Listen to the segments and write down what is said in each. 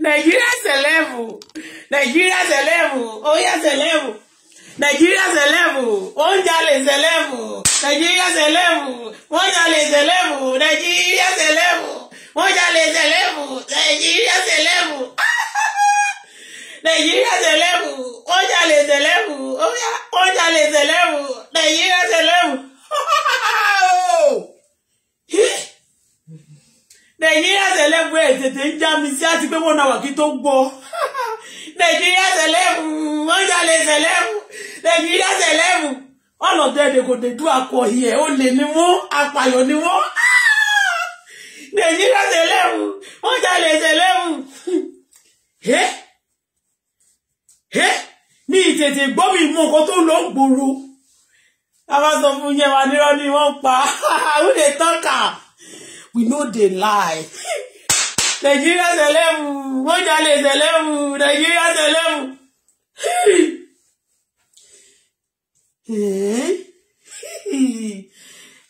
Nigeria's a level. Nigeria's a level. Oh, yeah, a level. Nigeria's a level. One dollar a level. Nigeria's a level. One dollar a level. Nigeria's a level. One dollar a level. Nigeria's a level. Nigeria's a level. One dollar a level. Oh, yeah. One dollar a level. Nigeria's a level. oh. Nigeria celebrate tètè ń já mi sí àti pé wọ́n na wà tó gbọ́. Nigeria celeb wọ́n jalè celeb Nigeria celeb all ìtètè eh? eh? gbọ́ mi mú nǹkan tó lọ gbòòrò. ni wọ́n we know they lie. Nigeria Zelemu, Mojale Zelemu, Nigeria Zelemu. Eh?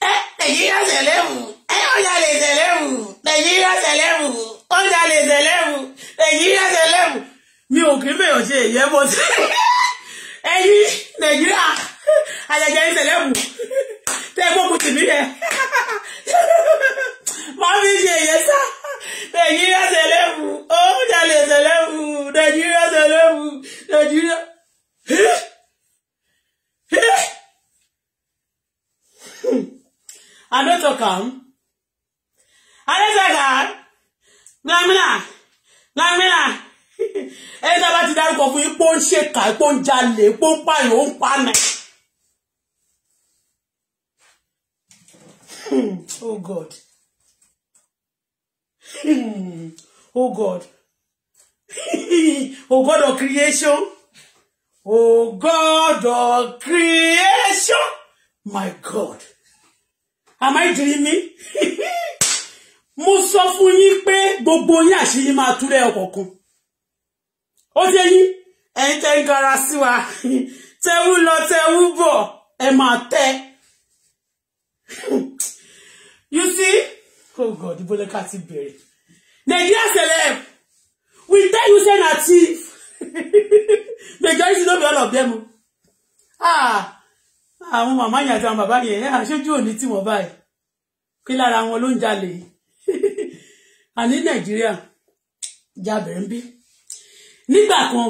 Eh, Nigeria Zelemu, eh, Mojale Zelemu, Nigeria Zelemu, Mojale Zelemu, Nigeria Zelemu. Mi ò kí bẹ̀rẹ̀ ṣe èyẹ mọ́ sí. Ẹyin Nàìjíríà, àjàjà ìṣẹ̀lẹ̀ mú. Tẹ́ gbógun tì mí yẹ. mami ṣe yẹn sá nàìjíríà sẹlẹ̀mù ó jalè sẹlẹ̀mù nàìjíríà sẹlẹ̀mù nàìjíríà. I no talk um. I no talk am. Uh. Glamina. Glamina. Ẹni tí a bá ti dárúkọ fún ipò ń ṣèkà, ipò ń jalè, ipò ń pààyàn, ó ń pààyàn. Oh God. Hmm. oh God oh God of creation oh God of creation my God am I dreaming mo sọ fún yín pé gbogbo yín àṣírí máa tú lẹ́yọ kọ̀ọ̀kan ó dé yín ẹ̀yin tẹ́ ń gara sí wa tẹ́wú lọ tẹ́wú bọ̀ ẹ máa tẹ́ you see oh God ibo lẹ́ka ti bẹ̀rẹ̀. Nigeria celeb we tell you say na thief majority no be all of them o ah, ah àwọn màmá yẹn àti àwọn bàbá yẹn ẹ eh, àṣojú òní tí wọn báyìí pé lára wọn ló ń jalè àní nàìjíríà jabẹ̀rẹ̀ ń bí nígbà kan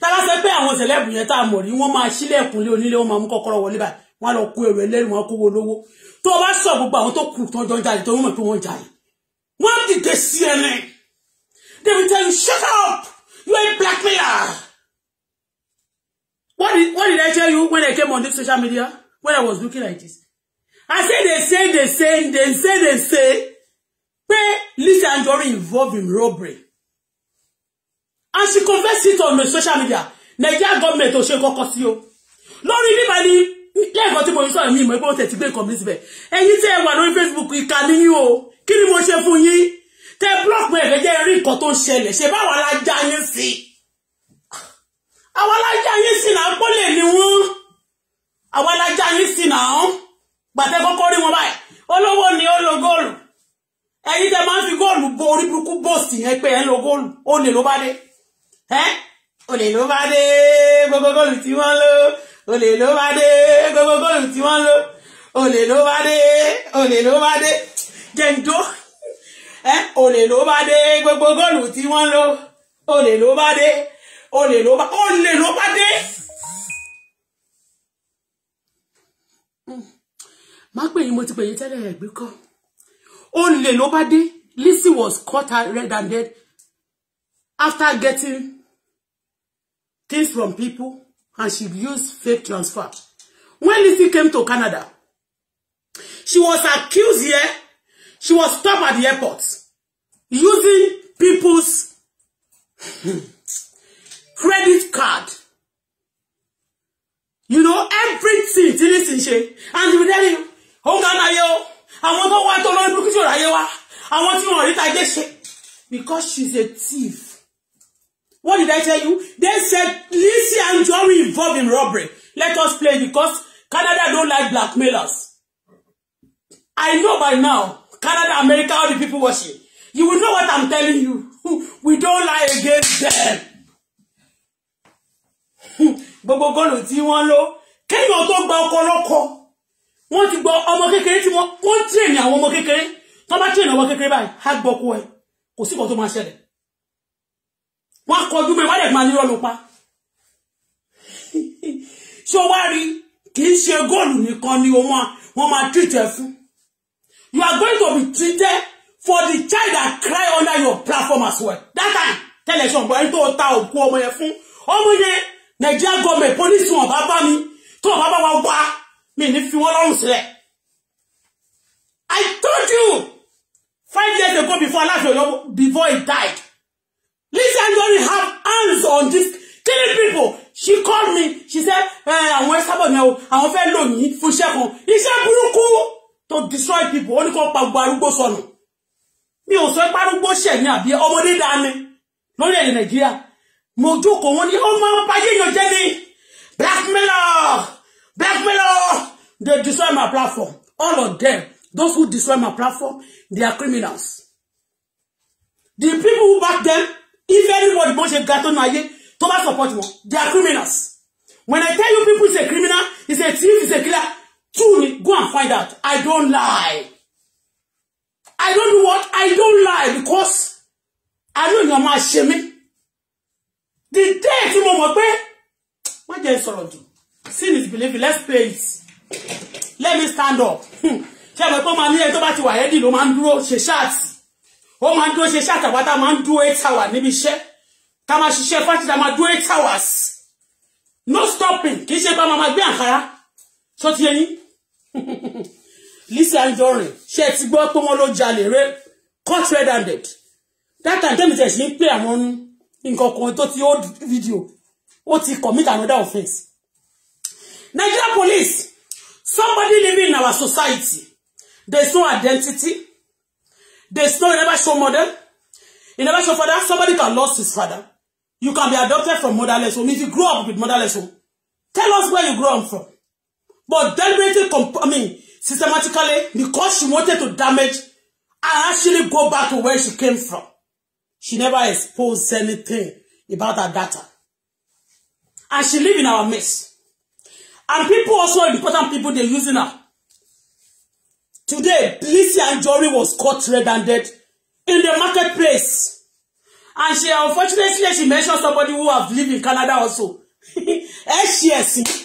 tára pé àwọn sẹlẹ́bù yẹn tá a mọ̀ rí wọ́n máa ṣílẹ̀kùn lé onílé wọ́n máa mú kọ́kọ́rọ́ wọlé báyìí wọ́n á lọ kó èrò ẹlẹ́rìí wọn kówó lówó tó o bá sọ gbogbo àwọn tó kù tó jọ jalè tó ń mọ̀ pé wọ́n jalè What did they see me? They will tell you, shut up! You are a blackmailer! What did, what did I tell you when I came on this social media? When I was looking like this? I said they say, they say, they say, they say, Lisa and Anjorin involved in robbery. And she confessed it on the social media. Nigeria government ò ṣe kọ́kọ́ you. o. anybody nígbà ni you saw me my mi ìmọ̀ ìpọ́n tẹ̀ ti gbé nǹkan mi síbẹ̀. Ẹ̀yin tẹ́ ẹ wà lórí Facebook ìkànnì yín o kí ni mo ṣe fún yín tẹ búlọ́ọ̀kù ẹ̀fẹ́ jẹ́ rí nǹkan tó ń ṣẹlẹ̀ ṣe báwa la já yín sí i àwa la já yín sí náà pọ́lẹ̀ ni wọ́n àwa la já yín sí náà gbàtẹ́ kọ́kọ́ rí wọn báyìí olówó ni ó lo góòlù ẹ̀yin tẹ máa ń fi góòlù bo orí burúkú bọ́ọ̀sì yẹn pé ẹ̀ ń lo góòlù ó lè ló bá dé ẹ́ ó lè ló bá dé gbogbo góòlù tí wọ́n lò ó lè ló bá dé gbogbo góòlù tí wọ́n lò ó lè ló bá dé ó lè ló bá dé dẹ̀ǹdó olè ló bá dé gbogbo góòlù tí wọ́n lò olè ló bá dé olè ló bá olè ló bá dé. Hmm. má pè yín mo ti pè yín tẹ́lẹ̀ ẹ̀gbẹ́ kọ́ olè ló bá dé Lizzy was caught red handed after getting things from people and she used fake transfer when Lizzy came to Canada she was accused here She was stopped at the airport using people's hmm, credit card. You know, everything tí ní sì ń ṣe. you tell him, ó ga náà yẹ o, àwọn tó wá I want you tí ò ráyé wá, àwọn Because she's a thief. What did I tell you? They said, Lizzie Lizzy Anjorin involved in robbery. Let us play because Canada don't like blackmailers. I know by now Canada, America, all the people watching. You will know what I'm telling you. We don't lie against them. Gbogbo góòlù tí wọ́n lọ, kéèyàn tó gba ọkọ lọ́kọ. Wọ́n ti gba ọmọ kékeré tí wọ́n wọ́n tírèèni àwọn ọmọ kékeré. Tó bá tírèèni ọmọ kékeré báyìí, á gbọ́kú ẹ̀. Kò sí kan tó máa ṣẹlẹ̀. Wọ́n á kọjú mẹ́wàá dẹ̀ máa nírọ̀ ló pa. Ṣé o wá rí kì í ṣe góòlù nìkan ni wọ́n máa tìtẹ̀ fún? you are going to be treated for the child that cry under your platform as well that time tell ṣe ọ̀gbọ́n ẹni tó ta òkú ọmọ yẹn fún ọmọ yẹn Nigeria government police wọn bá bá mi tó bá bá wa wá mi ní fi wọ́n lọ́rùn sílẹ̀ I told you five years ago before Aláàfin Ọ̀yọ́ before he died Lizzy don't have hands on this three people she called me she said eh, àwọn ẹ sábà ní àwọn fẹ́ lò ní fún iṣẹ́ kan iṣẹ́ burúkú to destroy people ó ní kó pa gbogbo arúgbó sọnù mi ò sọ pa arúgbó ṣẹ̀yìn àbí ọmọdé dání lórí èdè nàìjíríà mo jókòó wọn ní ọmọ ọmọbáyé èèyàn jẹ́ ní blackmailer blackmailer they destroy my platform all of them those who destroy my platform they are criminals the people who back them if anybody wants ṣe ga tó nu ayé tó bá support wọn they are criminals when i tell you people is a criminal is a thief is a killer Truly, go and find out. I don't lie. I don't know what I don't lie because I know you're my shame. The day tí mo mọ̀ pé má jẹ́ sọ̀rọ̀ jù. Sin is believing. Let's pray it. Let me stand up. Hmm. Ṣé ẹ̀rọ pé máa ní ẹni tó bá ti wà ẹ́dì ló máa ń dúró ṣe ṣáàtì? Ó máa ń dúró ṣe ṣáàtì àpáta máa ń dúró eight hours níbi iṣẹ́. Ká máa ṣiṣẹ́ fásitì ká máa dúró eight hours. No stopping. Kì í ṣe pé a máa gbé àǹkárá. Ṣó ti yẹ yín? Lizzy Anjorin ṣe ti gbọ́ pé wọ́n ló jalè ré court red handed that time tẹ́mi tẹ̀ sí ń pè àwọn nǹkan kan tó ti old video ó ti commit another offence Nigeria police somebody living in our society there is no identity there is no you never show mother you never show father somebody can lost his father you can be adopted from motherless home if you grow up with motherless home tell us where you grow up from but deliberately, I mean, systematically, because she wanted to damage, I actually go back to where she came from. She never exposed anything about her data. And she live in our midst. And people also, important people, they're using her. Today, Lizzie and Jory was caught red-handed in the marketplace. And she, unfortunately, she mentioned somebody who have lived in Canada also. Yes, yes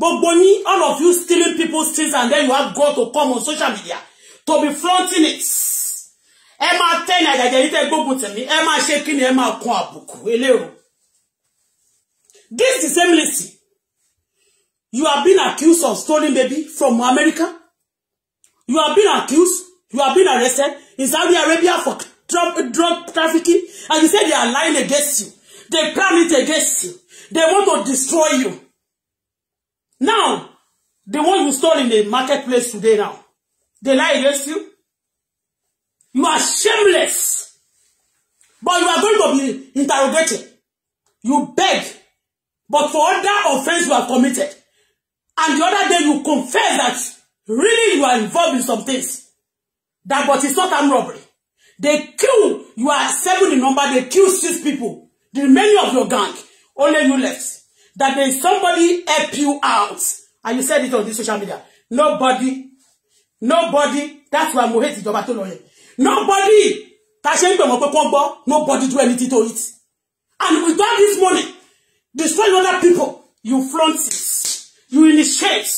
gbogbo yín all of you stealing people's things and then you have got to come on social media to be flaunting it ẹ máa tẹ́ni àjàjà yìí tẹ́ gbógun tẹ̀mí ẹ máa ṣe kí ni ẹ máa kun àbùkù eléèrò this is same you have been accused of stealing baby from America you have been accused you have been arrested in Saudi Arabia for drug, drug trafficking and you say they are lying against you they plan it against you they want to destroy you Now, the one you stole in the marketplace today now, they lie against you. You are shameless. But you are going to be interrogated. You beg. But for other offense you have committed. And the other day you confess that really you are involved in some things. That but it's not armed robbery. They kill, you are seven in number, they kill six people. The remaining of your gang, only you left that there is somebody help you out. And you said it on this social media. Nobody, nobody, that's why mo hate ìjọba tó lọ Nobody, ta ṣe ń gbẹ̀mọ̀ pé nobody do anything to it. And with all this money, destroy other people, you flaunt it, you initiate,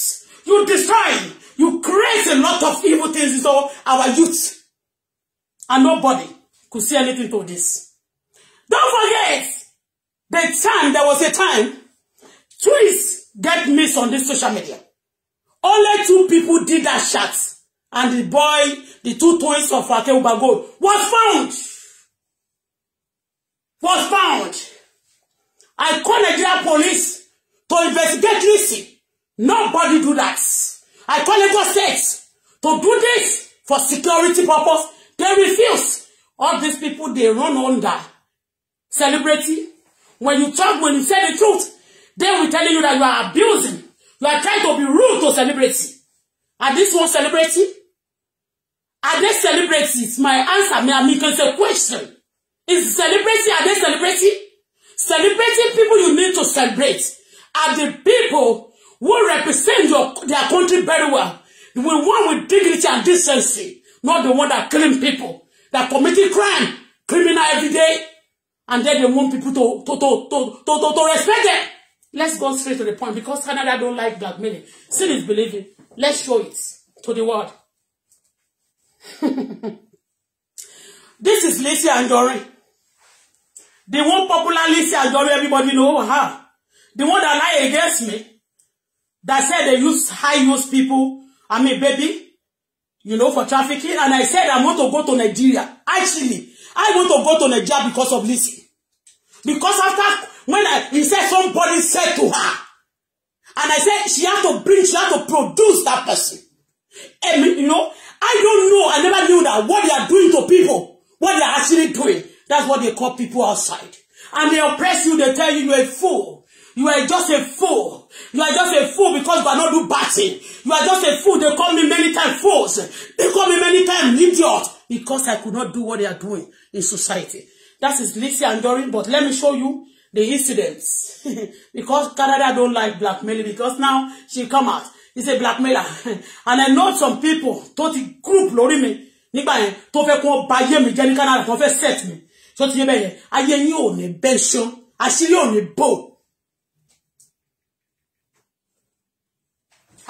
you destroy, you create a lot of evil things in so our youth. And nobody could see anything to this. Don't forget the time, there was a time Twist, get missed on this social media. Only two people did that shot. And the boy, the two twins of Akeuba Gold, was found. Was found. I call Nigeria police to investigate this. Nobody do that. I call Lagos states to do this for security purpose. They refuse. All these people, they run under. Celebrity, when you talk, when you say the truth, They will tell you that you are abusing. You are trying to be rude to celebrity. Are this one celebrity? Are they celebrities? My answer, may I make a question. Is celebrity, are they celebrity? Celebrating people you need to celebrate are the people who represent your, their country very well. The one with dignity and decency, not the one that killing people, that committing crime, criminal every day, and then they want people to, to, to, to, to, to, to respect them. Let's go straight to the point because Canada don't like blackmailing. Sin is believing. Let's show it to the world. This is and Anjorin. The one popular and Anjorin everybody know her. The one that lied against me. That said they use high use people. I mean baby. You know for trafficking. And I said I want to go to Nigeria. Actually, I want to go to Nigeria because of Lizzy. Because after When I, he said somebody said to her, and I said she had to bring, she had to produce that person. And you know, I don't know, I never knew that what they are doing to people, what they are actually doing, that's what they call people outside. And they oppress you, they tell you you are a fool. You are just a fool. You are just a fool because you are not do bad thing. You are just a fool. They call me many times fools. They call me many times idiot because I could not do what they are doing in society. That is Lizzie and Doreen. but let me show you the incidents because Canada don't like blackmailing because now she come out He a blackmailer and I know some people tó ti group lórí mi nígbà yẹn tó fẹ́ kó ba ayé mi jẹ́ ní Canada tó fẹ́ set mi tó ti yé bẹ́ẹ̀ yẹn ayé yín ò ní bẹ́ ṣán àṣírí ò ní bò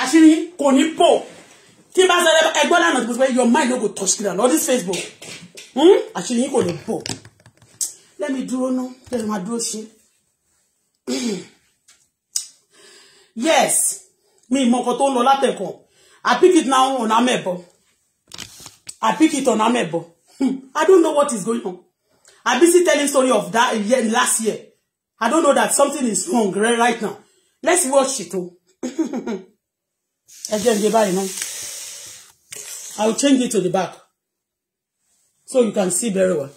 àṣírí kò ní bò tí bá sọ ẹgbẹ́ lánàá tó fẹ́ your mind no go touch ground all this Facebook hmm? àṣírí yín kò ní bò. Let me dúró ná Let me dúró ṣe yes me ìmọ̀ nǹkan tó ń lọ látẹ̀kọ̀ I pick it now on amẹ́bọ̀ I pick it on amẹ́bọ̀ hmm, I don't know what is going on I busy telling story of that year, last year I don't know that something is wrong right now let's watch it Oh, ẹ jẹ́ ǹjẹ́ báyìí I will change it to the back so you can see very well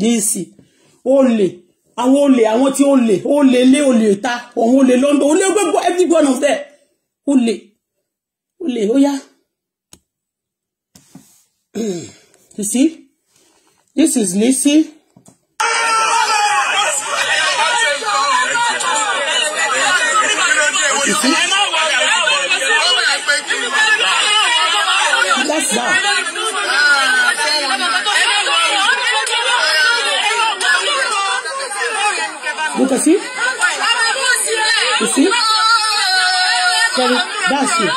díìsì hmm, olè àwọn olè àwọn tí olè olè lé olè ta òun olè London olè gbogbo everyone of them olè olè ó yá hmm, you see this is Lizzy. You see? That's that. water. See? You see? Sorry, that's it.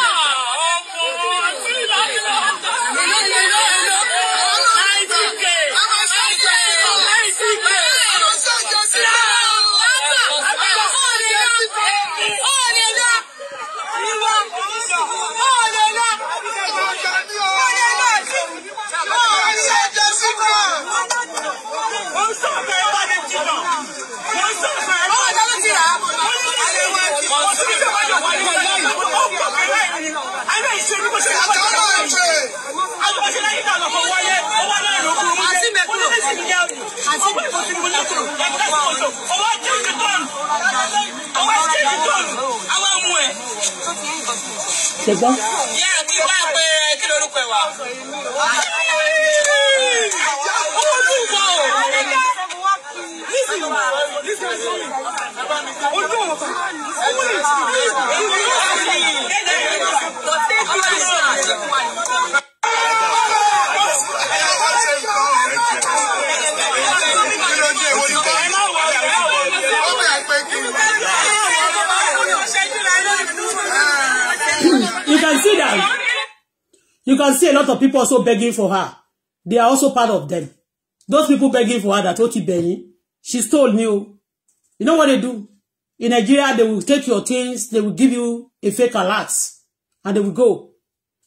ṣẹgbọn. yá àti bá a pé kí lorúkọ ẹ wà. lot of people also begging for her. They are also part of them. Those people begging for her that ó ti bẹ̀yìn, she stole new. You know what they do? In Nigeria, they will take your things, they will give you a fake alert, and they will go.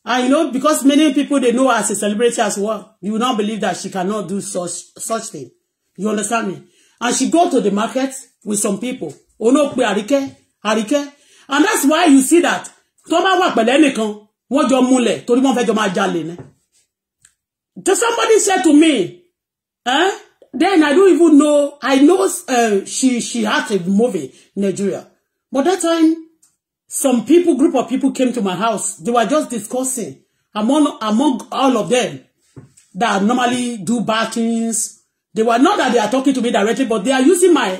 And you know, because many people, they know her as a celebrity as well, you will not believe that she cannot do such such thing. You understand me? And she go to the market with some people. Oh no, Arike, Arike. And that's why you see that. Tó bá wà wọ́n jọ múlẹ̀ torí wọ́n fẹ́ jọ máa jalè ni somebody say to me eh? then I don't even know I know uh, she she had a movie in Nigeria but that time some people group of people came to my house they were just discussing among among all of them that normally do bad things they were not that they are talking to me directly but they are using my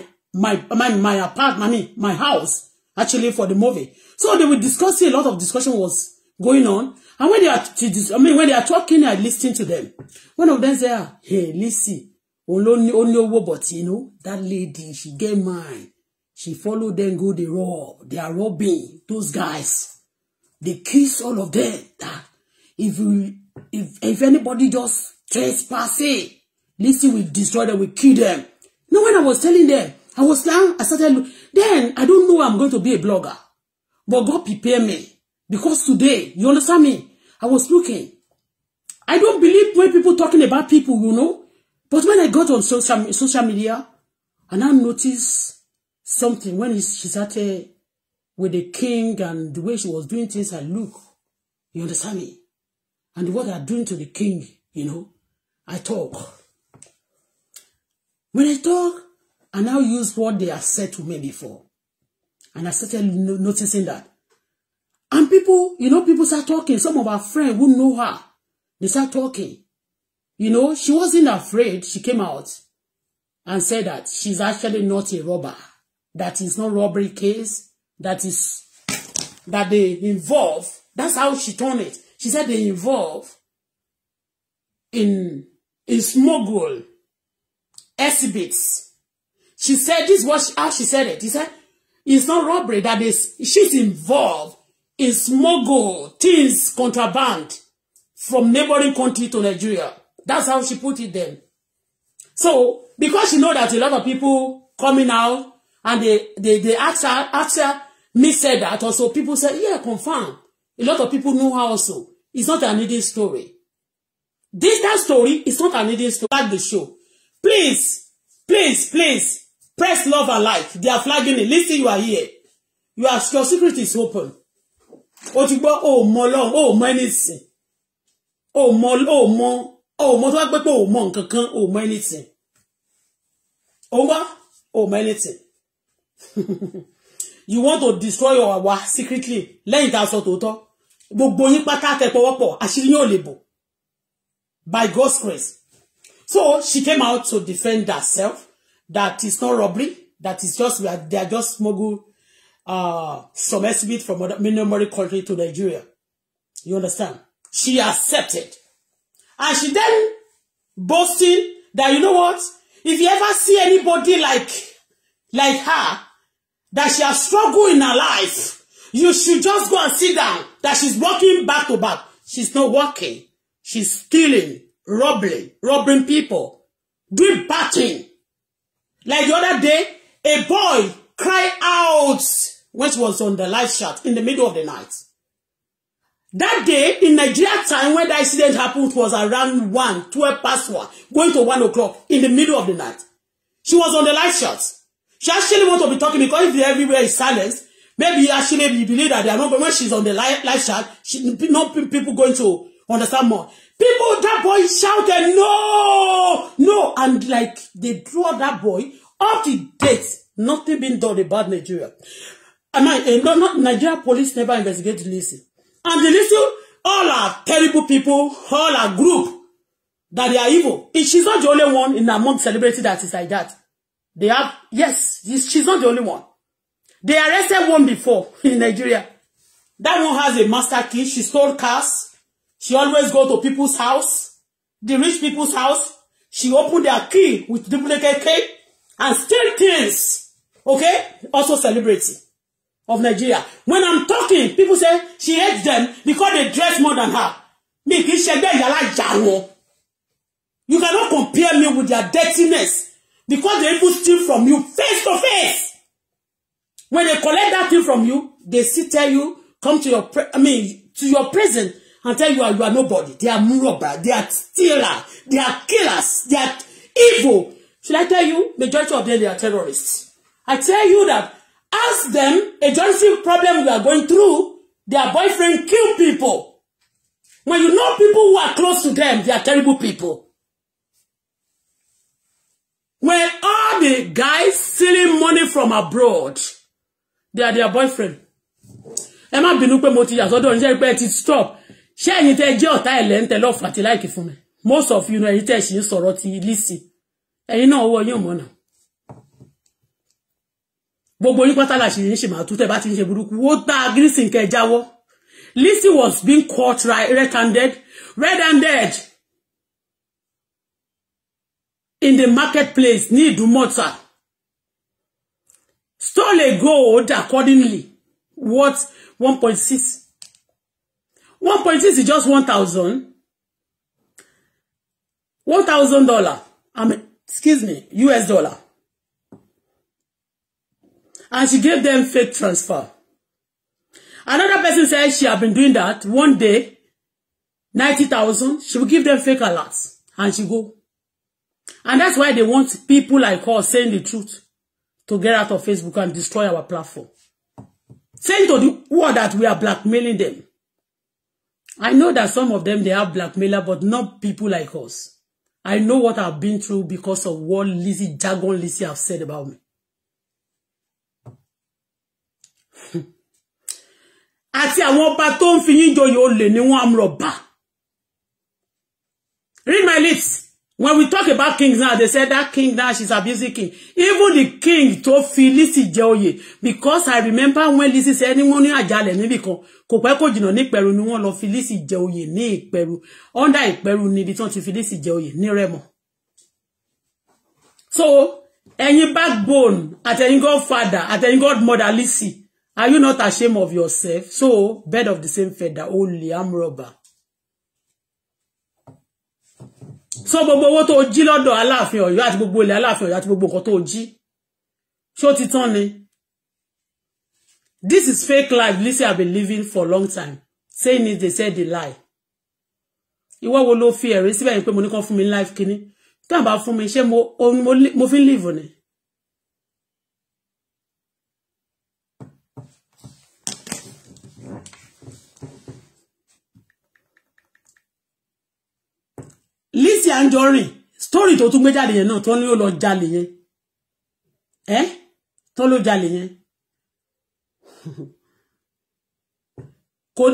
my my my apartment I my house actually for the movie so they were discussing a lot of discussion was going on. And when they are, to, I mean, when they are talking, I listening to them. One of them say, ah, hey, Lissy, only, only, what? but you know, that lady, she get mine. She follow them, go the rob. They are robbing those guys. They kiss all of them. That if you, if, if anybody just trespass it, Lissy, will destroy them, will kill them. Now, when I was telling them, I was down, I started, then I don't know I'm going to be a blogger. But God prepare me. Because today, you understand me? I was looking. I don't believe when people talking about people, you know. But when I got on social social media, and I noticed something when he, she started with the king and the way she was doing things, I look, you understand me? And what they're doing to the king, you know, I talk. When I talk, I now use what they have said to me before. And I started noticing that And people, you know, people start talking. Some of our friends who know her, they start talking. You know, she wasn't afraid. She came out and said that she's actually not a robber. That is not robbery case. That is that they involve. That's how she turned it. She said they involve in in smuggle exhibits. She said this was how she said it. She said it's not robbery that is she's involved in smuggle things contraband from neighboring country to Nigeria. That's how she put it then. So, because she know that a lot of people coming out and they, they, they asked her, asked her, me said that also, people said, yeah, confirm. A lot of people know her also. It's not an hidden story. This, that story is not an hidden story. Like the show. Please, please, please, press love and like. They are flagging it. Listen, you are here. You are, your secret is open o ti gbọ́ o mọ ọlọ́run o mọ anything o mọ o mọ o mọ tó bá pẹ́ pé o mọ nǹkan kan o mọ anything o wá o mọ anything you want to destroy your awa secretly lẹ́yìn tá a sọ tòótọ́ gbogbo yín pátá tẹpọwọ́pọ̀ àṣírí yóò lè bò by God's grace so she came out to defend herself that is not robbery that is just they are just smuggle uh, some exhibit from other minority country to Nigeria. You understand? She accepted. And she then boasting that, you know what? If you ever see anybody like, like her, that she has struggled in her life, you should just go and sit down. That she's walking back to back. She's not walking. She's stealing, robbing, robbing people, doing batting. Like the other day, a boy cried out which was on the live chat in the middle of the night. That day in Nigeria time when the accident happened was around 1, 12 past 1, going to 1 o'clock in the middle of the night. She was on the live chat. She actually want to be talking because if everywhere is silence, maybe actually you believe that they are not, but when she's on the live, live chat, she, no people going to understand more. People, that boy shouted, no, no. And like they draw that boy up to date. Nothing been done about Nigeria. I mean, eh, not Nigeria police never investigate Lizzy. And the Lizzy, all are terrible people, all are group that they are evil. If she's not the only one in among celebrity that is like that. They have, yes, she's not the only one. They arrested one before in Nigeria. That one has a master key. She stole cars. She always go to people's house, the rich people's house. She opened their key with duplicate key and steal things. Okay? Also celebrity of Nigeria when I'm talking people say she hates them because they dress more than her Me, kì í ṣẹgbẹ́ ìyálà ìjà wọn you cannot compare me with their dirtiness because they even steal from you face to face when they collect that thing from you they still tell you come to your I mean to your prison and tell you you are nobody they are robber they are stealers. they are killers they are evil should I tell you majority of them they are terrorists I tell you that Ask them a joint problem you are going through. Their boyfriend kill people. When you know people who are close to them, they are terrible people. When all the guys stealing money from abroad, they are their boyfriend. Emma má bínú pé mo ti yàtọ̀dọ̀ ní stop. She ẹ̀yin tẹ́ jẹ́ ọ̀tá ẹ̀lẹ́ ń tẹ lọ́ọ̀fù àti láìkì fún mi? Most of you know ẹ̀yin tẹ́ ṣì ń sọ̀rọ̀ ti lísì. Ẹ̀yin náà ọwọ́ yóò gbogbo yín pátá làṣì yín ṣe máa tú tẹ́ bá ti ń ṣe burúkú ó tá a gírísìn kẹ jáwọ́ Lizzy was being caught red-handed red-handed in the marketplace ní Ìdúmọ̀tà stole gold accordingly worth one point six one point six is just one thousand one thousand dollar I mean excuse me US dollar and she gave them fake transfer. Another person said she had been doing that. One day, 90,000, she will give them fake alerts and she go. And that's why they want people like us saying the truth to get out of Facebook and destroy our platform. Saying to the world that we are blackmailing them. I know that some of them, they are blackmailer, but not people like us. I know what I've been through because of what Lizzie Jagon Lizzie have said about me. àti àwọn ọba tó ń fi yín joyè olè ni wọ́n amúrọ̀bà read my lips when we talk about kings now they say that king now she's abusing king even the king tó fi Lizzy jẹ oyè because i remember when Lizzy say ni wọ́n ní àjálẹ̀ níbìkan kò pẹ́ kò jìnnà nípẹ̀rù ni wọ́n lọ fi Lizzy jẹ oyè ní ìpẹ̀rù under ìpẹ̀rù níbi tí wọ́n ti fi Lizzy jẹ oyè ní rẹ́mọ. so ẹ̀yin backbone àtẹ̀yin godfather àtẹ̀yin godmother Lizzy Are you not ashamed of yourself? So, bed of the same feather, only I'm rubber. So, what owó tó jí lọ́dọ̀ Aláàfin Ọ̀yọ́ àti gbogbo ilẹ̀ Aláàfin Ọ̀yọ́ àti gbogbo nǹkan tó jí. Ṣó ti tán ni? This is fake life Lizzy have been living for a long time. Saying it, they said the lie. Ìwọ wo ló fi ẹ̀rí síbẹ̀ yìí pé from ní kán life Kenny. Tí àbá fún me, ṣé mo fi ń live on it. Lizzy Anjorin story to tó tún gbé jáde yẹn náà tó ní ó lọ jalè yẹn ẹ tó ló jalè yẹn kò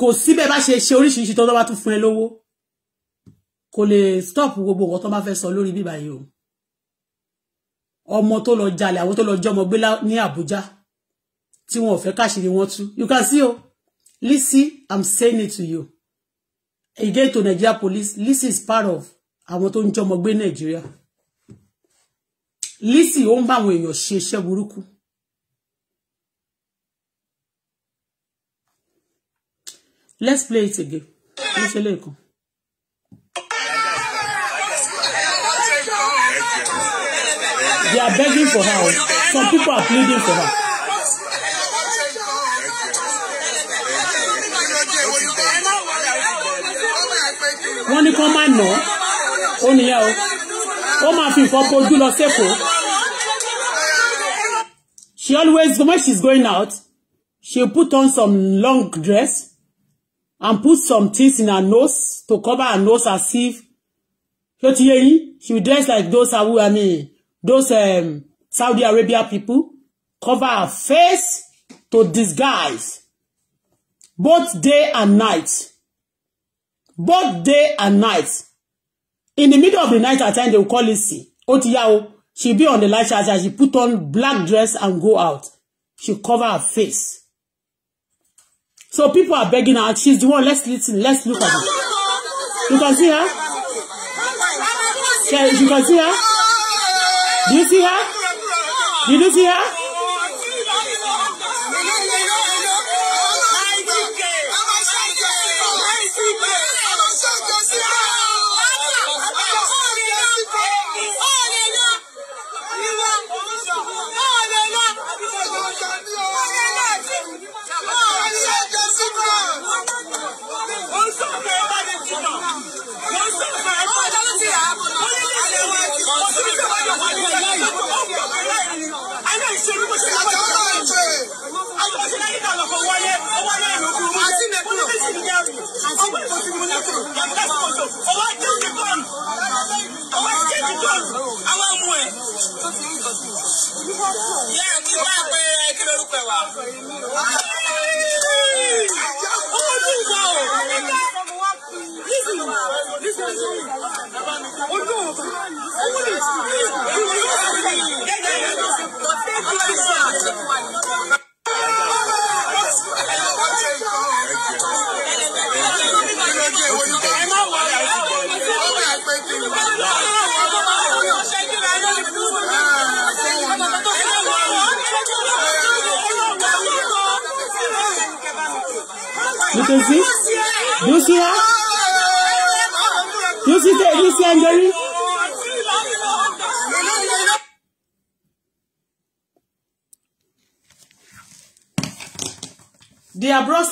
kò síbẹ̀ bá ṣe ṣe oríṣiríṣi tó tó bá tún fún ẹ lówó kò lè stop gbogbo nǹkan tó bá fẹ́ sọ lórí bíbá yìí o ọmọ tó lọ jalè àwọn tó lọ jọmọ gbé ní Àbújá tí wọn ò fẹ́ káṣírí wọn tú you can see o Lizzy I'm saying it to you again to Nigeria police Lizzy is part of àwọn to ń jọmọ gbé Nigeria Lizzy ó ń bá àwọn èèyàn ṣe buruku? let's play it again ló ṣe They are begging for her. Some people are pleading for her. kán má nà ó nìyẹn o ó máa fi nǹkan bojú lọ sẹ́kọ̀ọ́ she always when she's going out she put on some long dress and put some things in her nose to cover her nose as if so ti yẹ yín she dress like those awu i mean those um, Saudi Arabia people cover her face to disguise both day and night both day and night in the middle of the night at time they will call Lucy Otiyao. ti she be on the light charger she put on black dress and go out she cover her face so people are begging her she's the one let's listen let's look at her you can see her Can you can see her do you see her did you see her.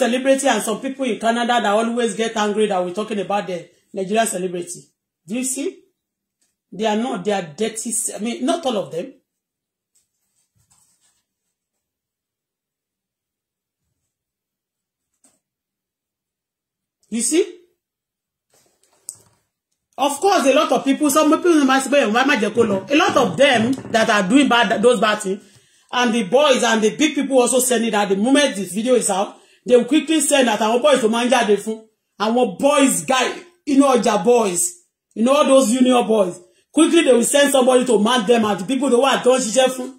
celebrity and some people in Canada that always get angry that we're talking about the Nigerian celebrity. Do you see? They are not, they are dirty, I mean, not all of them. You see? Of course, a lot of people, some people might say, why am I A lot of them that are doing bad, those bad things, and the boys and the big people also it that the moment this video is out, they will quickly send that our boys tó manage the jáde fún àwọn boys guy inú ọjà boys you know all those junior boys quickly they will send somebody to man them at the people tó wà tó ń ṣiṣẹ́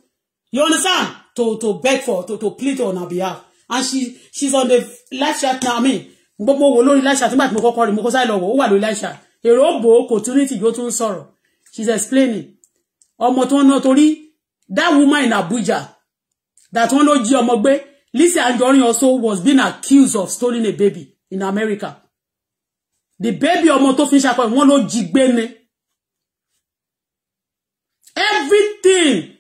you understand to to beg for to to plead on her behalf and she she's on the live chat now i mean more wo lórí live chat nígbà tí mo kọ́kọ́ rí mo kọ́ sáré lọ wò ó wà lórí live chat èrò bò ó kò tún ní tìjú ó tún sọ̀rọ̀ she's explaining ọmọ tó ń ná torí that woman in Abuja that wọ́n ló jí ọmọ gbé Lizzy Anjorin also was being accused of stealing a baby in America. The baby ọmọ tó fi ń ṣakọ ìwọ́n ló Everything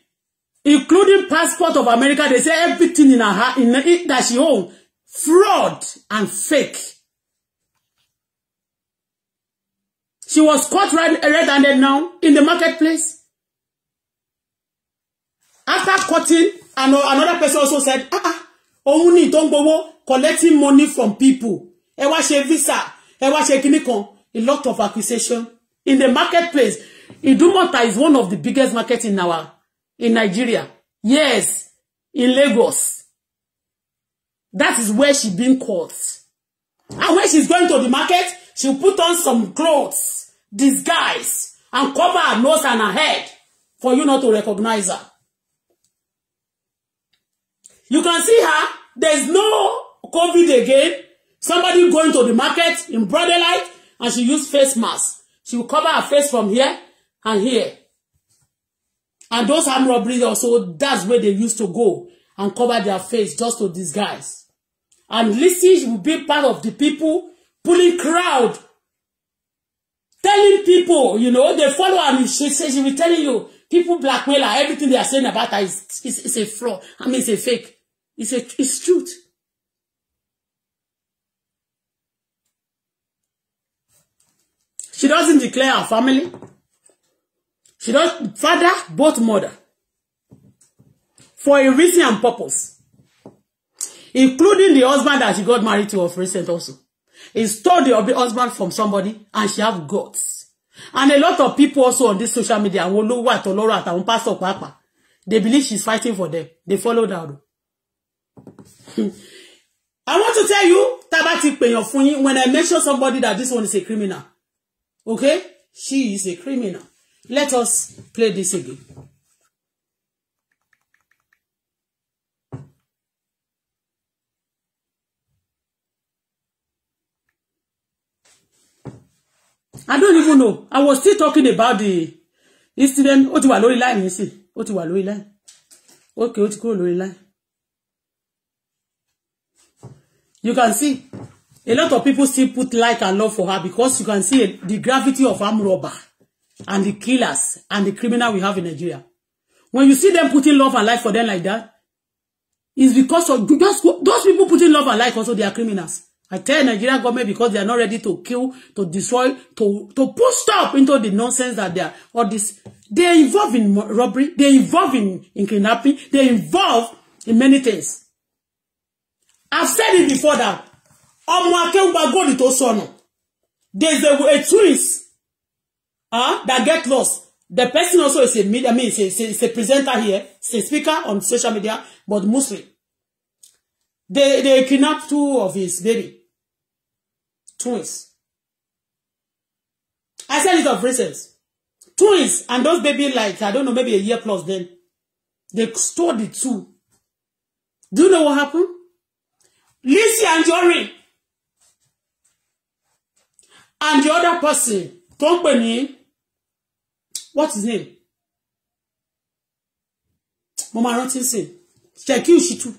including passport of America they say everything in her in it that she own fraud and fake. She was caught right, red-handed now in the marketplace. After cutting, another person also said, ah, ah, òun ní tó ń gbowó collecting money from people ẹ wá ṣe visa ẹ wá ṣe kinní kan a lot of acquisition in the marketplace Idumota is one of the biggest market in our in Nigeria yes in Lagos that is where she been caught and when she's going to the market she put on some clothes disguise and cover her nose and her head for you not to recognize her You can see her. There's no COVID again. Somebody going to the market in broad daylight and she use face mask. She will cover her face from here and here. And those armed robberies also, that's where they used to go and cover their face just to disguise. And Lizzy will be part of the people pulling crowd, telling people, you know, they follow and she says she will telling you, people blackmail her, everything they are saying about her is, is, is a fraud. I mean, it's a fake. It's, a, it's truth. She doesn't declare her family. She does father, both mother. For a reason and purpose. Including the husband that she got married to of recent also. He stole the husband from somebody and she have guts. And a lot of people also on this social media, àwọn olówó àtọlọ́rọ̀ àtàwọn pastor pàápàá, they believe she's fighting for them. They followed her. I want to tell you tá bá ti when I mention somebody that this one is a criminal okay she is a criminal let us play this again. I don't even know. I was still talking about the incident. Ó ti wà lórí line yìí sí. Ó ti line. Okay, ó ti line. You can see a lot of people still put like and love for her because you can see the gravity of arm robber and the killers and the criminal we have in Nigeria. When you see them putting love and life for them like that, it's because of just those people putting love and life also they are criminals. I tell Nigerian government because they are not ready to kill, to destroy, to to push stop into the nonsense that they are all this. They are involved in robbery, they involve in, in kidnapping, they are involved in many things. I've said it before that ọmọ akéwùgbà góòlù tó sọnù there is a, a twins uh, that get lost the person also is a media I mean is a, is a, a presenter here is a speaker on social media but Muslim they they kidnapped two of his baby twins I said it of reasons twins and those baby like I don't know maybe a year plus then they stole the two do you know what happened Lizzie and Jory, and the other person tó ń pè ní what's his name mo máa rántí sìn Shekiu Shitu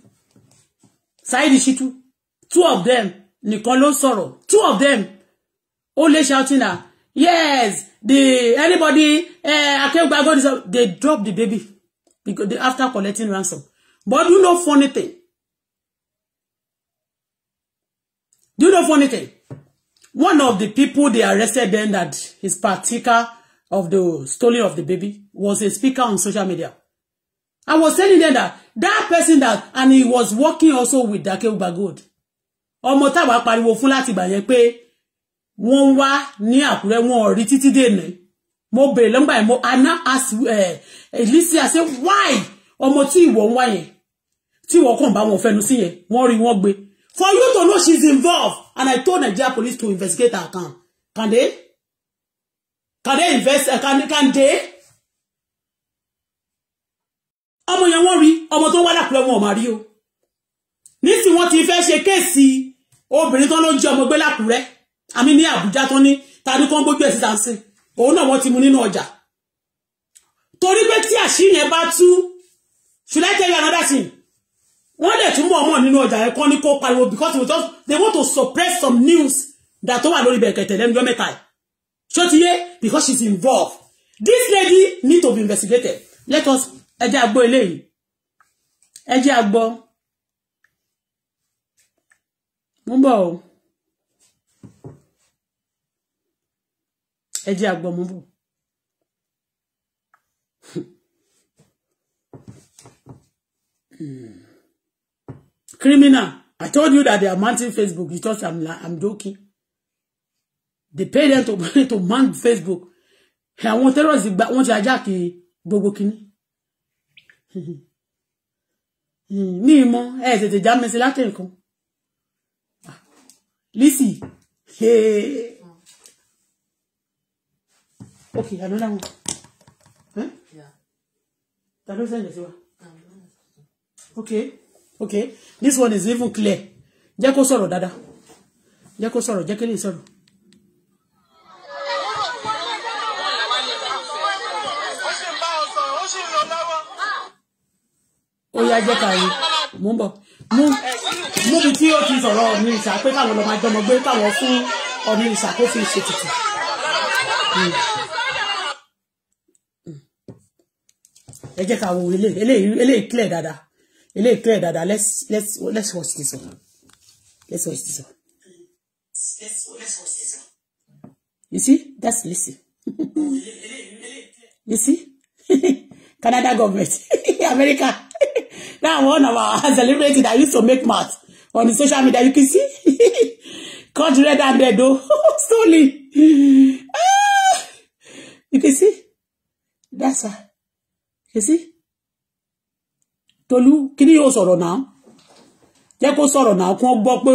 Saidi Shitu two of them nìkan ló ń sọ̀rọ̀ two of them ó lè shouting ah yes the anybody uh, eh, akẹ́gbàgbọ́n they drop the baby because they, after collecting ransom but you know funny thing Do you know funny thing? One of the people they arrested then that is partaker of the stolen of the baby was a speaker on social media. I was telling them that that person that and he was working also with Dake Ubagold. Ọmọ táwa pariwo fún láti gbà yẹn pé wọ́n wá ní Àkúrẹ́ wọn ò rí títí dènà. Mo bèrè lọ́gbà yẹn mo Anna ask eh, Elisia say why ọmọ tí ìwọ ń wá yẹn tí ìwọ kàn bá wọn fẹnu sí yẹn For you to know she's involved. And I told Nigeria police to investigate her account. Can they? Can they invest? Uh, can, can they? Ọmọ yẹn wọ́n rí ọmọ tó wá lápẹ́ wọn ò máa rí o. Nísìnyí wọ́n ti fẹ́ ṣe kéèsì obìnrin tó ló ń jẹ́ ọmọ gbé lákùrẹ́. Àmì ní Àbújá tó ní tani kan gbójú ẹ̀ síta sí. Òun náà wọ́n ti mú nínú ọjà. Torí pé tí àṣírí yẹn should I tell you another thing? wọ́n dẹ̀ tún mọ̀ ọmọ nínú ọjà ẹ̀kọ́ ní kó pariwo because we just they want to suppress some news that tó wà lórí bẹ̀kẹ̀tẹ̀ lẹ́nu jọ́ mẹ́ta ṣó ti yé because she's involved this lady need to be investigated let us ẹ jẹ́ àgbọ̀ eléyìí ẹ jẹ́ mo ń bọ̀ o ẹ jẹ́ mo ń bọ̀. Hmm criminal. I told you that they are mounting Facebook. You thought I'm I'm joking. They pay them to to mount Facebook. Àwọn terrorists gba wọ́n ti ajá kí gbogbo kíní. Ní ìmọ̀ the tètè já mi sí láti nǹkan. Ah, Lisi. Okay, another one. Huh? Yeah. Ta ló sẹ́yìn sí wa? Um, okay okay this one is even clear jẹ́ kó sọ̀rọ̀ dáadáa jẹ́ kó sọ̀rọ̀ jẹ́ kéde sọ̀rọ̀. ó yá jẹ́ ká rí mú bọ̀ mú níbi tí ó ti sọ̀rọ̀ ọ̀nì ìṣà pé káwọn lọ́ọ́ máa jọmọ gbé káwọn fún ọ̀nì ìṣà kó fi ṣètìtì. ẹ jẹ́ ká wo eléyìí eléyìí clear dáadáa eléyìí clear dáadáa let's let's let's watch this one let's watch this one you see that's Lizzy you see Canada government America now one of our celebrities that used to make math on the social media you can see cut red-handed and though. slowly ah! you can see that's why you see. Tolú kíní yóò sọ̀rọ̀ náà jẹ́ kó sọ̀rọ̀ náà kó gbọ́ pé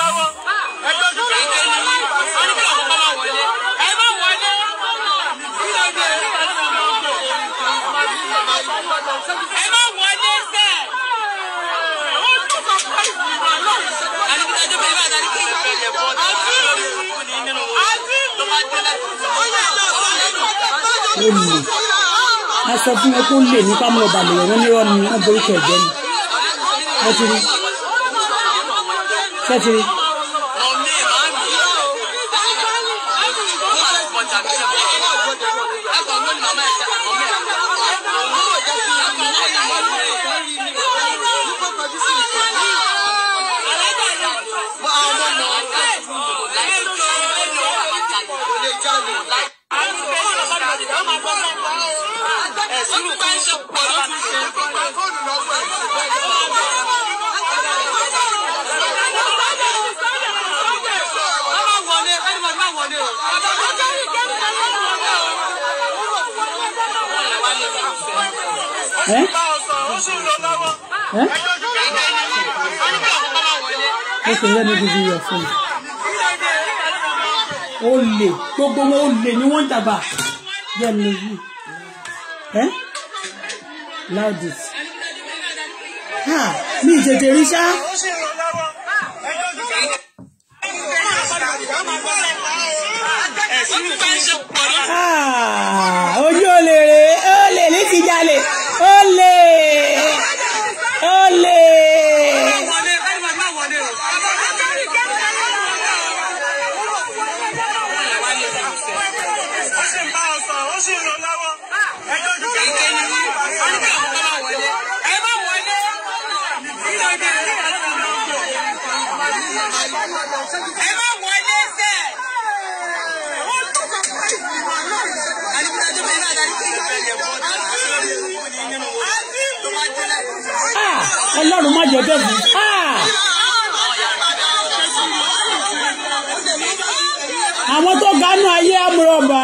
ó lè a sọ fún ẹ kó lè ní ká mú ọba lè wọn nírọ mi wọn borí ni ẹ ti rí ṣé ti rí. Okay, let me give you your gbogbo wọn olè ni wọ́n ń dàgbà. Yẹ́ mi yìí. Ẹ́ loudest. mi ìtètè rí ṣá. ọlọ́run má jẹ́ bẹ́ẹ̀ fún ah! àwọn tó gánú ayé amúrọ̀bà.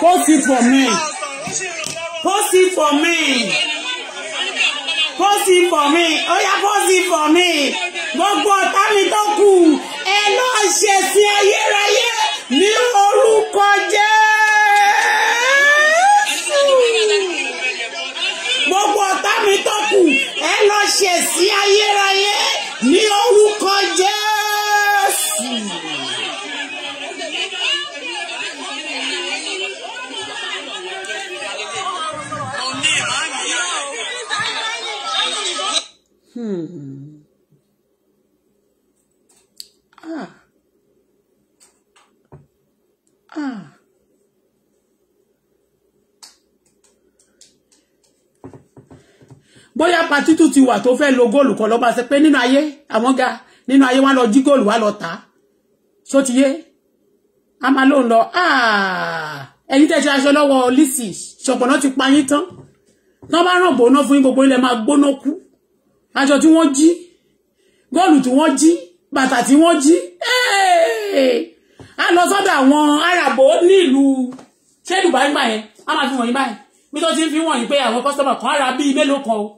Post for me. Post for me. Post for me. Oh yeah, it for me. Gbogbo ọ̀tá mi tó tápá títù ti wà tó fẹ́ lo góòlù kan lọ́ba ṣe pé nínú ayé àwọn ga nínú ayé wọn lọ jí góòlù wá lọ tà á ṣó ti yé a máa lóun lọ ẹni tẹ́ ṣe aṣọ lọ́wọ́ lisi ṣọ̀pọ̀nà ti pa yín tán tán bá ràn bòóná fún yín gbogbo ilẹ̀ máa gbóná kú aṣọ tí wọ́n jí góòlù tí wọ́n jí bàtà tí wọ́n jí a lọ sọ́dọ̀ àwọn arabo ní ìlú ṣé Dubai gbà yẹn a máa fi wọ̀nyí báyìí bí tó ti ń fi wọ̀nyí pé àwọn kọ́sítọ́mà kan ara bíi mélòó kan o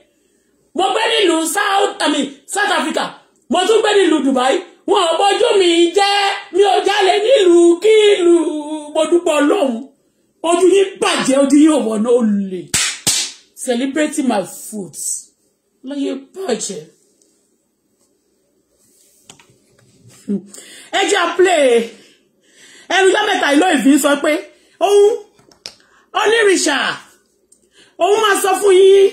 mo gbé nílùú south i mean south africa mo tún gbé nílùú dubai wọn ò bójú mi jẹ́ mi ò jalè nílùú kílù mo dúpọ̀ lóhùn ojú yín bàjẹ́ ojú yín ò wọ̀ náà celebrating my food láyé bàjẹ́. ẹ jẹ́ play. ẹnu jọ́ mẹ́ta ìlú ìfín sọ pé òun onírìṣà òun máa sọ fún yín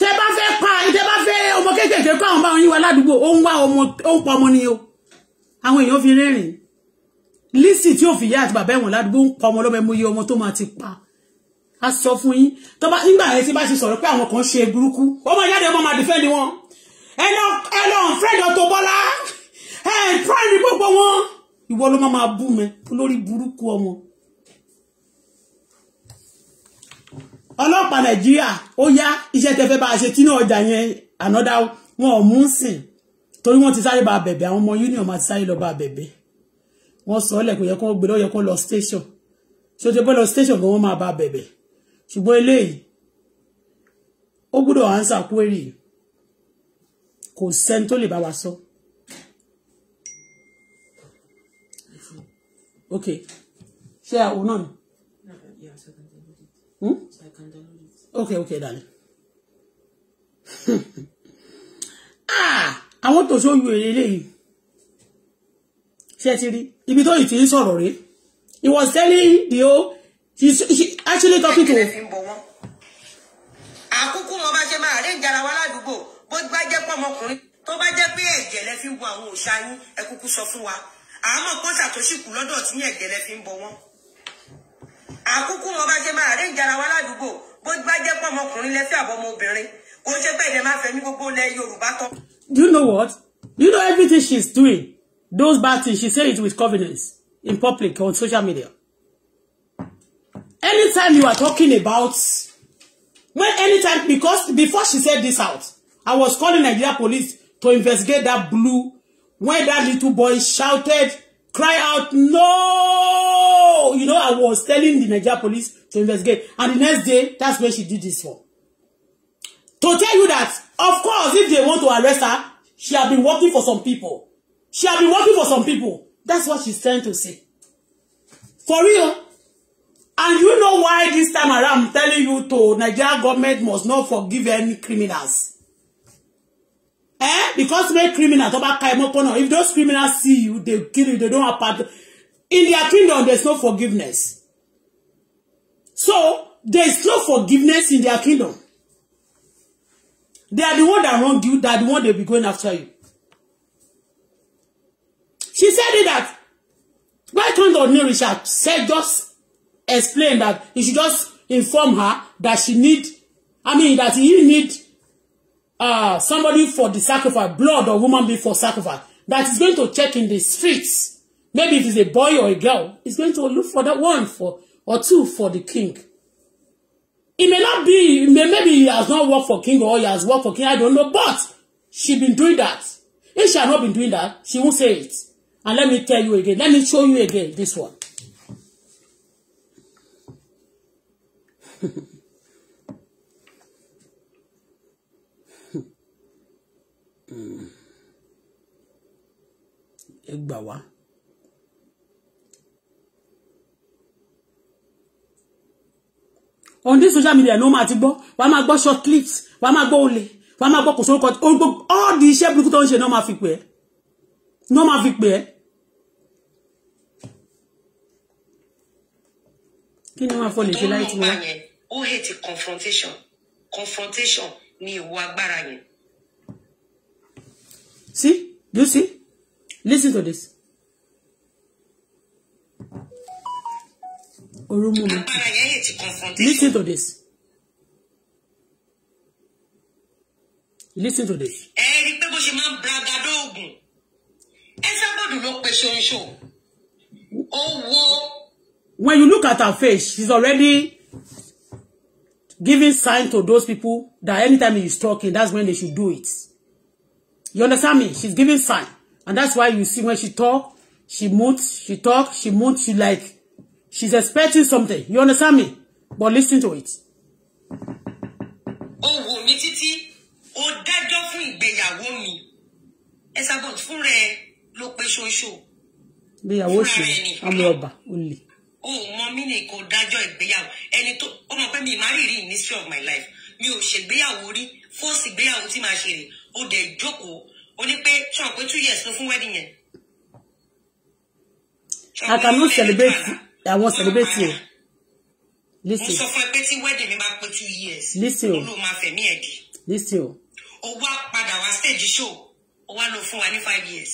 tẹ bá fẹ́ pa tẹ bá fẹ́ ọmọ kéékèèké kọ́ àwọn báwọn yín wa ládùúgbò ó ń wá ọmọ ó ń pa ọmọ ni o àwọn èèyàn fi rẹ́rìn lísì tí ò fi yá àti bàbá ẹ̀wọ̀n ládùúgbò ń pa ọmọ lọ́mọ ẹmọ iye ọmọ tó máa ti pa a sọ fún yín tó bá nígbà yẹn tí bá ti sọ̀rọ̀ pé àwọn kan ṣe burúkú ọmọ ìyáde ọmọ máa defend wọn ẹ lọ ẹ lọ fred Auto Bola ẹ friend gbogbo wọn ìwọ ló máa bú mi olórí burúkú ọmọ ọlọ́pàá nàìjíríà ó yá iṣẹ́ tẹ́fẹ́ bá a ṣe tínú ọjà yẹn ànádá wọn ò mú sìn torí wọ́n ti sáré bá a bẹ̀bẹ̀ àwọn ọmọ union máa ti sáré lọ bá a bẹ̀bẹ̀ wọ́n sọ ọ́lẹ̀ kò yẹ kó gbé lọ́yẹ kó lọ station tí ó ti bọ́ lọ station gan wọ́n máa bá a bẹ̀bẹ̀ ṣùgbọ́n eléyìí ó gbúdọ̀ answer query kò sẹ́ni tó lè bá wa sọ. ok ṣé àwọn náà Hmm? okay okay darling ah i want to show you a ṣe ti actually, if you don't ti ń sọ̀rọ̀ he was telling the old. he he actually talking to. àkúkú mo bá ṣe máa rí ìjàrá wa ládùúgbò bó Do you know what? Do you know everything she's doing? Those bad things, she said it with confidence in public on social media. Anytime you are talking about when anytime because before she said this out, I was calling Nigeria police to investigate that blue when that little boy shouted cry out, no! You know, I was telling the Nigeria police to investigate. And the next day, that's where she did this for. To tell you that, of course, if they want to arrest her, she has been working for some people. She has been working for some people. That's what she's trying to say. For real. And you know why this time around I'm telling you to Nigeria government must not forgive any criminals eh because make criminals tó bá ka ẹmọ kọ if those criminals see you they kill you they don't have pardon in their kingdom There's no forgiveness so there is no forgiveness in their kingdom they are the one that wronged you That the one they'll be going after you she said it that can't hand of Richard said just explain that you should just inform her that she need I mean that he need uh, somebody for the sacrifice, blood or woman being for sacrifice, that is going to check in the streets. Maybe if it's a boy or a girl, he's going to look for that one for or two for the king. It may not be, may, maybe he has not worked for king or he has worked for king, I don't know, but she been doing that. If she had not been doing that, she won't say it. And let me tell you again, let me show you again this one. ẹ gbà wá. on this social media ló máa ti gbọ́ wà á máa gbọ́ short clips wà á máa gbọ́ olè wà á máa gbọ́ kò sórúkọ orúkọ all the iṣẹ́ burúkú tó ń ṣe náà máa fi pè é náà máa fi pè é. kí ni wọn fọ lè ṣe láì tí wọn. ó hate confrontation confrontation ni ìwọ agbára yẹn. see you see listen to this. Listen to this. Listen to this. Ẹ pé bó ṣe máa ń bragado oògùn. Ẹ sábàdù ló pe ṣoṣo. Ó wo. When you look at her face, she's already giving sign to those people that anytime is talking, that's when they should do it. You understand me? She's giving sign. And that's why you see when she talk, she moots, she talk, she moots, she like, she's expecting something. You understand me? But listen to it. Ó wò mí títí, ó dájọ́ fún ìgbéyàwó mi. Ẹ sábọ̀ fún rẹ̀ ló pé ṣoṣo. Ìgbéyàwó ṣe àmì ọba olè. O mọ mí ni kò dájọ́ ìgbéyàwó. Ẹni tó ó mọ̀ pé mi máa rí in history of my life. Mi ò ṣègbéyàwó rí. Force ìgbéyàwó tí màá ṣe rè. Ó dẹ̀ joko ó ní pé ṣọ̀n pé two years ló fún wedding yẹn. I cannot celebrate I won't celebrate you. Listen. Mo sọ fún ẹ pé tí wedding mi máa pé two years. Listen o. Olú máa fẹ̀mí ẹ̀ dì. Listen o. O wá padà wá stage show. O wá lọ fún wa ní five years.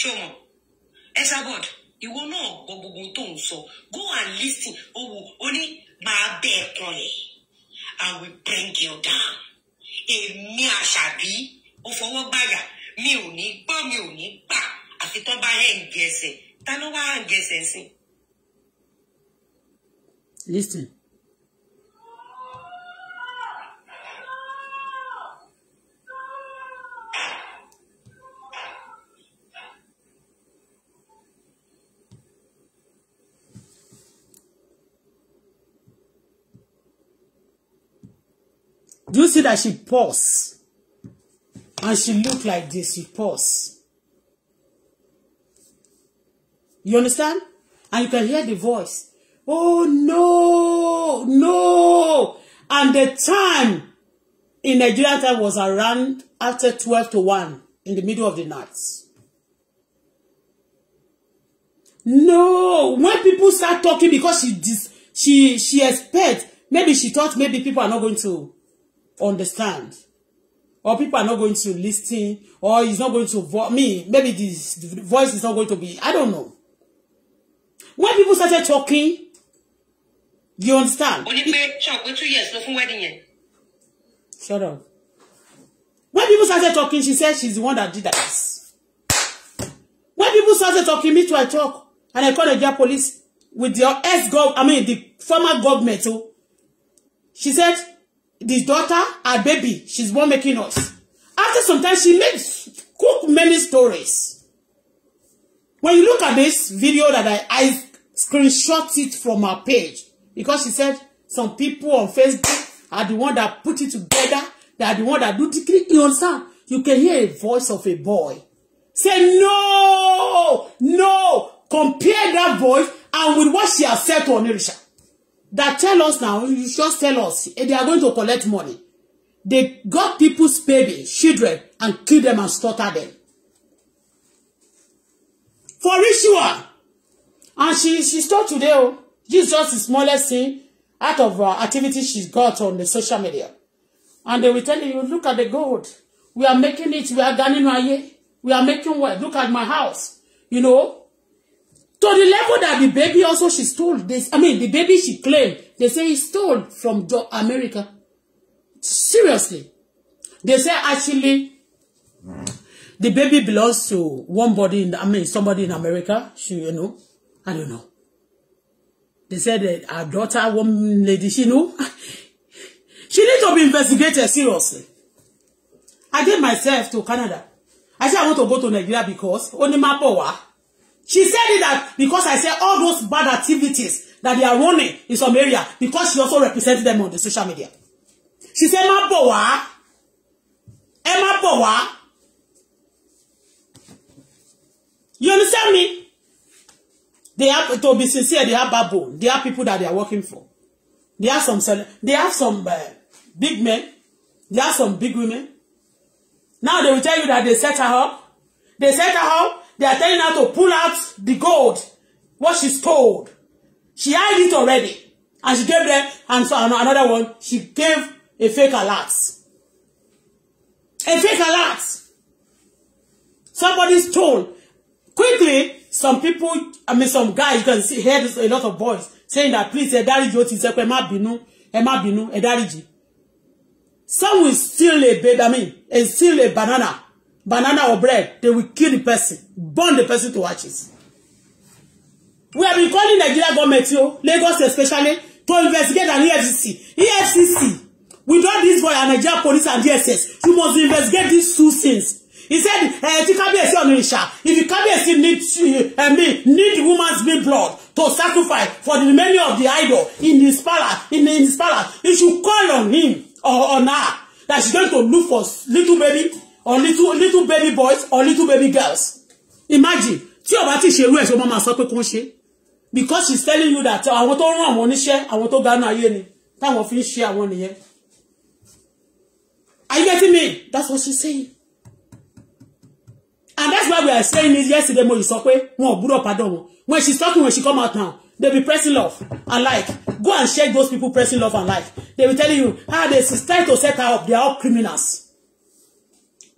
Ṣé o mọ̀? Ẹ sábọ̀dù ìwọ náà gbọ́ gbogbo tó ń sọ go and listen owó ó ní máa bẹ́ẹ̀ kan ẹ̀ I will bring you down. emi asabi ofɔwɔ gbaya mi ò ní gbɔ mi ò ní gbà àfi tɔ ba hɛ ngɛsɛ tani wa hɛ ngɛsɛ sí. Do you see that she pause, And she look like this. She pause. You understand? And you can hear the voice. Oh, no, no. And the time in Nigeria time was around after 12 to 1 in the middle of the night. No, when people start talking because she dis she she expect maybe she thought maybe people are not going to understand or people are not going to listen or he's not going to vote. me maybe this the voice is not going to be I don't know when people started talking you understand it, shut up when people started talking she said she's the one that did that when people started talking me too I talk and I call the police with the ex-gov I mean the former government so oh. she said The daughter, her baby, she's born making us. After some time, she makes cook many stories. When you look at this video that I, I screenshot it from her page because she said some people on Facebook are the one that put it together, they are the one that do the You understand? You can hear a voice of a boy. Say no, no. Compare that voice and with what she has said to Onirisha that tell us now, you just tell us, eh, they are going to collect money. They got people's baby, children, and kill them and slaughter them. For ritual. And she, she stole today, oh, this is just the smallest thing out of her uh, activity she's got on the social media. And they will tell you, look at the gold. We are making it, we are gaining money. We are making wealth. Look at my house. You know, To the level that the baby also she stole this. I mean, the baby she claimed, they say he stole from America. Seriously. They say actually, the baby belongs to one body in, I mean, somebody in America. She, you know, I don't know. They said that her daughter, one lady, she knew. she needs to be investigated seriously. I did myself to Canada. I said I want to go to Nigeria because only my power. She said it that because I said all those bad activities that they are running in some area because she also represented them on the social media. She said, má bọ̀ Emma ẹ You understand me? They have to be sincere. They have backbone. They have people that they are working for. They have some. They have some uh, big men. They have some big women. Now they will tell you that they set her up. They set her up. They are telling her to pull out the gold, what she stole. She had it already. And she gave them, and so another one, she gave a fake alert. A fake alert. Somebody stole. Quickly, some people, I mean, some guys, you can see, hear a lot of boys saying that, please, ẹ dáríjì ó ti ṣe pé, ẹ má bínú, ẹ má bínú, ẹ dáríjì. Some will steal a baby, I mean, and steal a banana banana or bread, they will kill the person, burn the person to ashes. We have been calling Nigeria government, yo, Lagos especially, to investigate an EFCC. EFCC, with all this boy and Nigeria police and DSS, e you must investigate these two things. He said, eh, ti kábíyèsí onírìṣà, if you kábíyèsí need, uh, eh, me, need woman's blood to sacrifice for the remaining of the idol in his palace, in, in his palace, you should call on him or on her that she's going to look for little baby or little little baby boys or little baby girls imagine tí o bá ti ṣerú ẹ̀ ṣe ọmọ máa sọ pé kó ń ṣe because she's telling you that àwọn tó rán àwọn oníṣẹ́ àwọn tó gánà ayé ni táwọn fi ń ṣe àwọn nìyẹn are you getting me that's what she's saying and that's why we are saying this yesterday mo sọ pé wọn ò gbúdọ̀ pardon wọn when she's talking when she come out now they be pressing love and like go and check those people pressing love and like they be telling you ah they try to set her up they are all criminals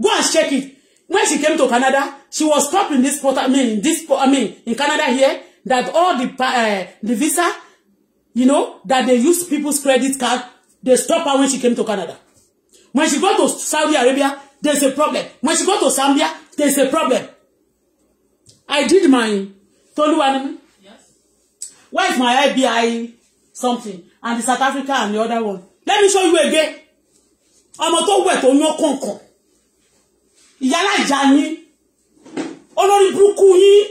Go and check it. When she came to Canada, she was stopped in this port, I mean, in this, I mean, in Canada here, that all the, uh, the visa, you know, that they use people's credit card, they stopped her when she came to Canada. When she got to Saudi Arabia, there's a problem. When she got to Zambia, there's a problem. I did my Toluwanimi. Yes. Where is my IBI something? And the South Africa and the other one. Let me show you again. Ọmọ tó wẹ̀ tó no kọ̀ọ̀kan ìyálà ìjà yín olórí burúkú yín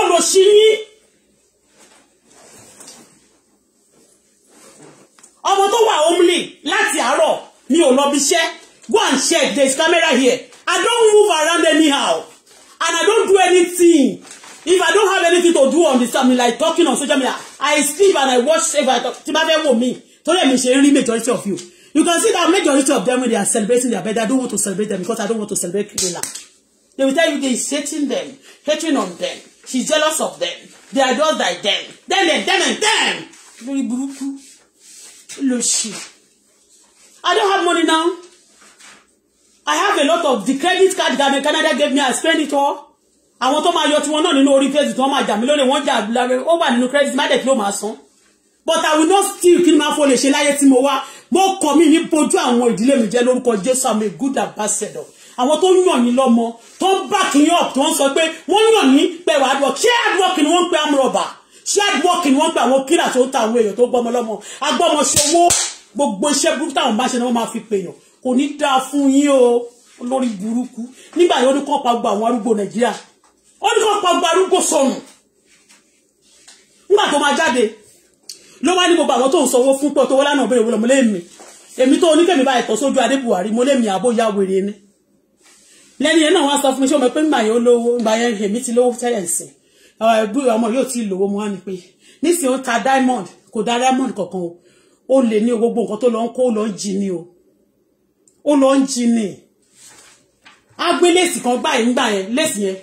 olòṣì yín ọmọ tó wà omlé láti àárọ̀ mi ò lọ bí iṣẹ́ go and check there camera here I don't move around anyhow and I don't do anything if I don't have anything to do on the side like talking on social media I sleep and I watch if I talk tí bá fẹ́ wò mí torí èmi ṣe rí majority of you You can see that majority of them when they are celebrating their birthday, I don't want to celebrate them because I don't want to celebrate Kirila. They will tell you they is hating them, hating on them. She's jealous of them. They are just like them. Them, them, them, and them. Lórí I don't have money now. I have a lot of the credit card that Canada gave me. I spend it all. àwọn tó máa yọ tiwọn náà nínú orí it. tí wọ́n máa jà mí lónìí wọ́n jà lára ó wà nínú credit market ló máa san but I will not steal kí ni máa She lè ṣe láyé mo kọ̀ mí ní bojú àwọn ìdílé mi jẹ́ lórúkọ Jésù àmì good ambassador àwọn tó ń yàn yín lọ́mọ tó ń back yín up tó ń sọ pé wọ́n yàn yín pé wàá dùn ṣé àdúrọ̀kì ni wọ́n ń pe amúrọ̀bà ṣé àdúrọ̀kì ni wọ́n ń pe àwọn kílà tó ń ta àwọn èèyàn tó gbọ́mọ lọ́mọ agbọ́mọ ṣòwò gbogbo iṣẹ́ burúkú táwọn bá ṣe ni wọ́n máa fi pèèyàn kò ní dáa fún yín o lórí burúkú nígbà yìí ó ní kọ́ pa gbogbo àwọn arúgbó Nàìjíríà ó ní kọ́ pa gbogbo arúgbó sọnù nígbà tó máa jáde ló wá ní gbogbo àwọn tó ń sanwó fún pọ̀ tó wọ́n lánàá bẹ̀rẹ̀ wọ́n lẹ́mí èmi tó oníkẹ́mi bá ẹ̀tọ́ sójú adé buhari mo lẹ́mí àbó ya wèrè ni lẹ́ni yẹn náà wá sọ fún mi ṣé o mọ̀ pé ńgbà yẹn ó lówó ńgbà yẹn èmi ti lówó tẹ́lẹ̀ sí ẹbú ọmọ yóò ti lówó mo wá ní pé nísìnyí ó ta diamond kò da diamond kankan o ó lè ní gbogbo nǹkan tó lọ ń kó lọ ń jí ni o ó lọ ń jí ni á gbé lẹ́sì kan gbà yín gbà yẹn lẹ́sì yẹn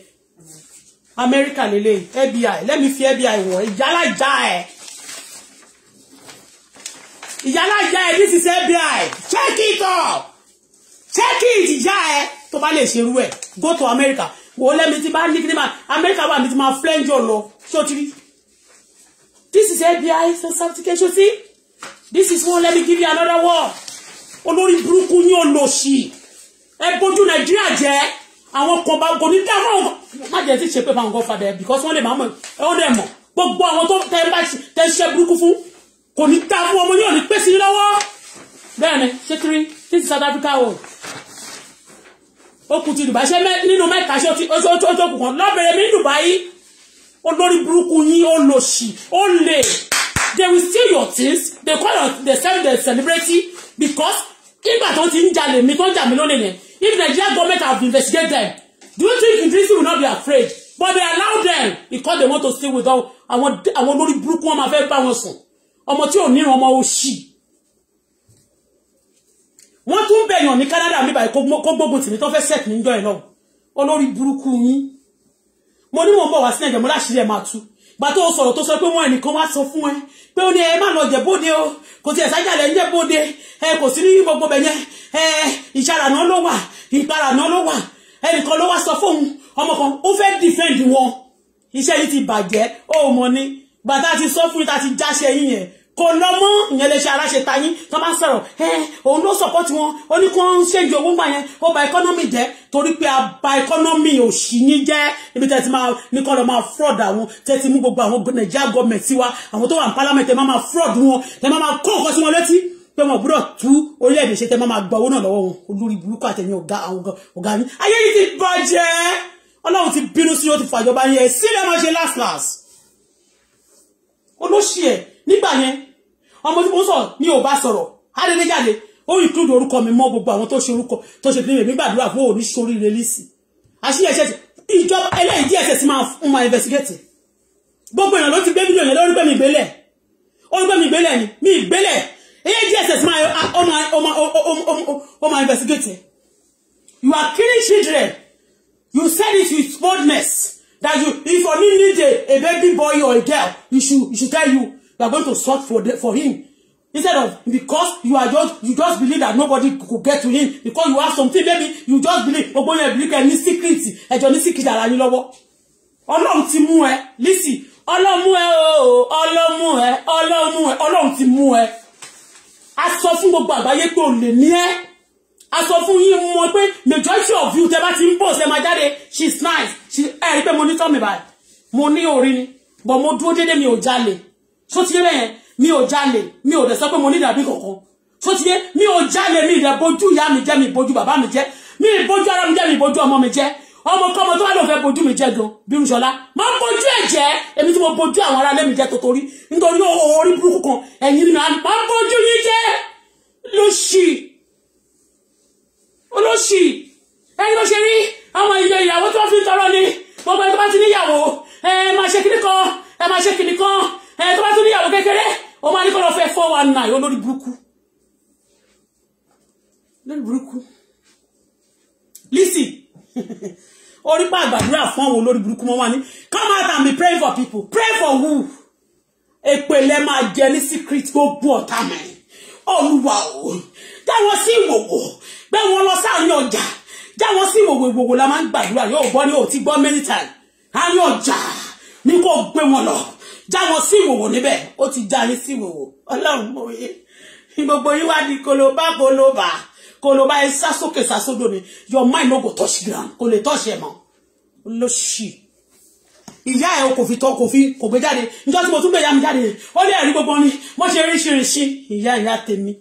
amẹ́ríkà lélẹ́yìn fbi lẹ́mi fi fbi wọ̀ ìyálà ìjà ẹ̀ ìyálà ìyá ẹ this is FBI check it up check it ìyá ẹ tó bá lè ṣerú ẹ go to America wò ó lẹ́mi tí bá ní kí ni máa America wà mí tí máa flange ọ̀ lọ ṣé ti rí this is FBI certification see this is one let me give you another one olórí burúkú ní olóṣì ẹ bójú nàìjíríà jẹ àwọn kan bá gòní dá fún àwọn má jẹ ti ṣe pé fáwọn kan fàdà ẹ because wọn lè máa mọ ẹ wọn dẹ mọ gbogbo àwọn tó tẹ ẹ bá tẹ ṣe burúkú fún kò ní dá fún ọmọ yóò ní pé sí lọ́wọ́ bẹ́ẹ̀ ni ṣé kiri this is South Africa o ó kù ti Dubai ṣé nínú mẹ́ta ṣé ó tó kù kan lọ́bẹ̀rẹ̀ mi ní Dubai olórí burúkú yín ó lò sí ó lè they will steal your things they call They sell their celebrity because nígbà tó ti ń jalè mi tó ń jà mí lónìí yẹn if Nigeria government have investigated them do you think the people will not be afraid but they allow them because they want to stay with them àwọn olórí burúkú wọn máa fẹ́ bá wọn sùn ọmọ tí ò níran ọmọ òṣì wọ́n tún bẹ̀yàn ní Canada mi báyìí kó gbógun tì mí tó fẹ́ set níjọ́ ẹ̀ náà olórí burúkú yín mo ní wọn bọ̀ wá sí nàìjíríà mo láṣìírí ẹ̀ máa tú gbà tó sọ̀rọ̀ tó sọ pé wọ́n ẹnìkan wá sọ fún ẹ pé ó ní ẹ má lọ jẹ̀bóde o kò tiẹ̀ sájàlẹ̀ ń jẹ̀bóde ẹ kò sí ní gbogbo bẹ̀yẹn ẹ ìṣàrànà ló wà ìparànà ló wà ẹnìkan ló wá sọ fóun ọmọ kan ó fẹ́ dìfẹ́ǹdì wọn iṣẹ́ yìí ti bàjẹ́ ó mọ ní bàtà ti sọ fún yín tá ti jáṣẹ yín yẹn kò lọ mọ ìyẹn lè ṣe aláṣẹ ta yín tó bá sọ̀rọ̀ ẹ òun ló sọkọ tí wọn ó ní kí wọn ń ṣèjì owó gbà yẹn ó bà ẹkọnọmì jẹ́ torí pé a bà ẹkọnọmì òṣì yín jẹ́ ibi tẹ́ ti máa ní kọ́ máa fraud àwọn tẹ́ ti mú gbogbo àwọn nàìjíríà gọọmẹ̀ntì wa àwọn tó wà ní pálámẹ̀ntì ẹ máa máa fraud wọn ẹ máa máa kó nǹkan sí wọn létí pé wọn gbọ́dọ̀ tú orílẹ̀-èdè ṣe tẹ́ máa máa gba owó náà lọ́wọ́ wọn olórí burúkú àtẹ̀yìn ọ̀gá ọ̀gá olóṣì ẹ̀ nígbà yẹn ọmọ tí mo sọ ní ò bá sọ̀rọ̀ adédéjáde ó include orúkọ mi mọ́ gbogbo àwọn tó ṣe orúkọ tó ṣe nílé mi gbàdúrà fún òní sórí release àṣírí ẹ̀ṣẹ̀ ìjọba ẹlẹ́yìn DSS máa fún ma investigate gbogbo èèyàn ló ti gbé mílíọ̀nù lórí pé mi ìgbélẹ̀ orí pé mi ìgbélẹ̀ ni mi ìgbélẹ̀ ẹlẹ́yìn DSS máa ó máa investigate you are killing children you said it with boldness. That you, if Oni need a, a baby boy or a girl, you should, you should tell you, you are going to search for, the, for him. Instead of, because you are just, you just believe that nobody could get to him, because you have something, maybe you just believe, ogbon yẹn believe ẹni secret, ẹjọ ní secret ara yín lọ́wọ́. Ọlọ́run ti mú ẹ, lísì, Ọlọ́run mú ẹ o, Ọlọ́run mú ẹ, Ọlọ́run mú ẹ, Ọlọ́run ti mú ẹ. A sọ fún gbogbo àgbáyé pé o lè ní ẹ́ a sọ fún yín mo pé majority of you tẹ bá ti ń bọ̀ ṣe máa jáde she is nice she ẹ rí pé mo ní tọ́ mi báyìí mo ní orí ni but mo dúró déédéé mi ò jalè tó ti yé bẹ́yẹn mi ò jalè mi ò dẹ̀ sọ pé mo ní ìdàbí kankan tó ti yé mi ò jalè mi ìdẹ̀ bojú ìyá mi jẹ́ mi bojú bàbá mi jẹ́ mi ìbojú ara mi jẹ́ mi bojú ọmọ mi jẹ́ ọmọ kọ́mọ tó bá lò fẹ́ bojú mi jẹ́ gan bírúṣọlá máa ń bojú ẹ̀ jẹ́ èmi tí mo bojú àwọn ará lẹ́mi jẹ́ tòtórí nítorí orí burúkú kan ẹ̀yìn ni máa ń bojú yín jẹ́ lóṣì olóṣì ẹyin ló ṣe rí àwọn ìyọ ìyàwó tó fi ń tọrọ ni gbogbo ẹ tó bá ti níyàwó ẹ máa ṣe kíní kan ẹ máa ṣe kíní kan ẹ tó bá ti níyàwó kékeré ó máa ní kọ́ lọ fẹ́ four one nine olórí burúkú lórí burúkú lisi orí pa àgbàdúrà fún àwọn olórí burúkú mọ́ wá ní come out and be praying for people pray for who èpè lẹ máa jẹ ní secret gbogbo ọ̀tá mi olúwa o táwọn sí ìwòwò pé wọn lọ sáàrin ọjà jáwọ́ sí ìwòwò ìwòwò la máa ń gbàdúrà yóò gbọ́ ní òtí gbọ́ many times àárín ọjà ní kò gbé wọn lọ jáwọ́ sí ìwòwò níbẹ̀ ó ti já yín sí ìwòwò ọlọ́run mọ̀ yé gbogbo yín wá di koloba koloba koloba ẹ sá sókè sá sódò ni your mind no go touch ground kò lè touch ẹ mọ́ lóṣì ìyá ẹ kò fi tọ kò fi kò gbé jáde nítorí mo tún gbé ìyá mi jáde ó lé ẹ̀rí gbogbo ni mo ṣe ríṣiríṣi ìyá ìyá tèmi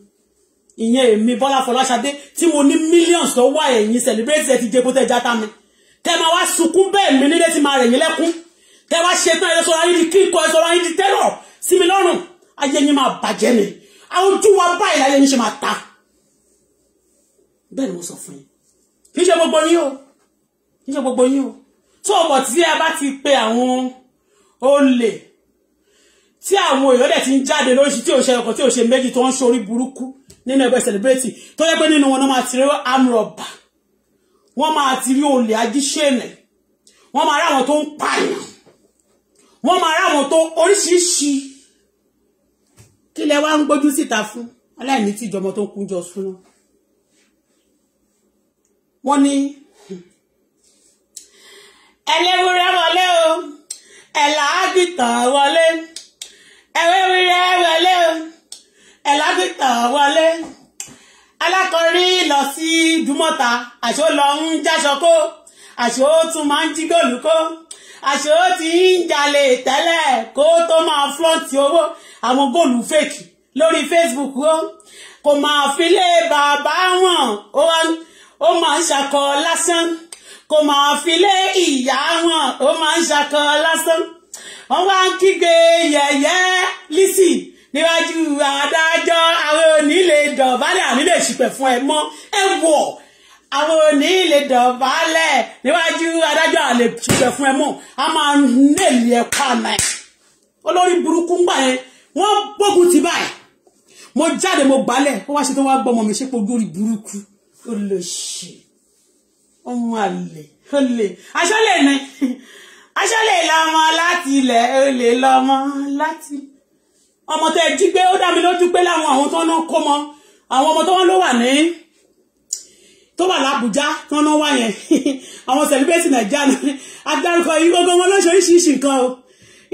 ìyẹn èmi Bọ́lá Fọláṣadé tí mo ní millions tó wà ẹ̀yìn celebrate ẹ ti jẹ́ kótẹ́ játa mi tẹ máa wá sunkún bẹ́ẹ̀ mi nílé tí máa rẹ̀ yín lẹ́kún tẹ wá ṣe tán ẹ sọ ayé di kíkọ ẹ sọ ayé di tẹ́lọ̀ sí mi lọ́rùn ayé yín máa bàjẹ́ mi àwọn ojú wa báyìí láyé yín ṣe máa ta bẹ́ẹ̀ ni mo sọ fún yín kì í ṣe gbogbo yín o kì í ṣe gbogbo yín o tó ọ̀pọ̀ tí ẹ bá ti pe àwọn olè tí àwọn èèyàn dẹ̀ ti ń jáde lóríṣi tí ò ṣe ọkọ̀ tí ò ṣe méjì tó ń ṣorí burúkú nínú ẹgbẹ́ celebrate tó yẹ pé nínú wọn náà máa ti rí amrọ̀bà wọ́n máa ti rí olè ajíṣẹ́nẹ̀ wọ́n máa rí àwọn tó ń pààyàn wọ́n máa rí àwọn tó oríṣiríṣi kí lẹ wá ń gbójú síta fún aláìní tí ìjọmọ tó ń kúnjọ súná wọ́n ní ẹlẹ́wúrẹ́ wọlé o ẹ̀là ágbìtàn wọlé ẹ̀wẹ́wúrẹ́ wọlé o ẹ̀lágbèta wọlé alákọ̀rí lọ sí dùmọ̀ta àṣọ lọ ń jáṣọ kó àṣọ tún máa ń jí góòlù kó àṣọ ti ń jalè tẹ́lẹ̀ kó tó máa flọ́ǹtì owó àwọn góòlù fèkì lórí Facebook ó kò máa filé bàbá wọn ó máa ń ṣakọ lásán kò máa filé ìyá wọn ó máa ń ṣakọ lásán wọn wá ń kígbe yẹ̀yẹ́ lísì níwájú adájọ́ àwọn òní lè dọ̀bálẹ̀ àní lè ṣìpẹ̀ fún ẹ mọ́ ẹ wọ̀ àwọn òní lè dọ̀bálẹ̀ níwájú adájọ́ àlè ṣìpẹ̀ fún ẹ mọ́ a máa nílì ẹ pààlà ẹ olórí burúkú ń gbà yẹn wọ́n gbógun ti báyìí mo jáde mo gbálẹ̀ ó wá ṣe tó wá gbọ́ ọmọ mi ṣe pé olórí burúkú ó lè ṣe ọmọ àlè ó lè aṣọ́lẹ̀ ni aṣọ́lẹ̀ lọ́mọ láti ilẹ̀ ó lè lọ́mọ láti ilẹ̀ ọmọ tẹ jí gbé ó dá mi lójú pé láwọn àwọn tó ná kó mọ àwọn ọmọ tó wọn ló wà ní tó wà lábùjá tó ná wá yẹn àwọn celebrate nàìjíríà agbárúkọ yìí gbogbo wọn lóṣooṣìṣì nǹkan o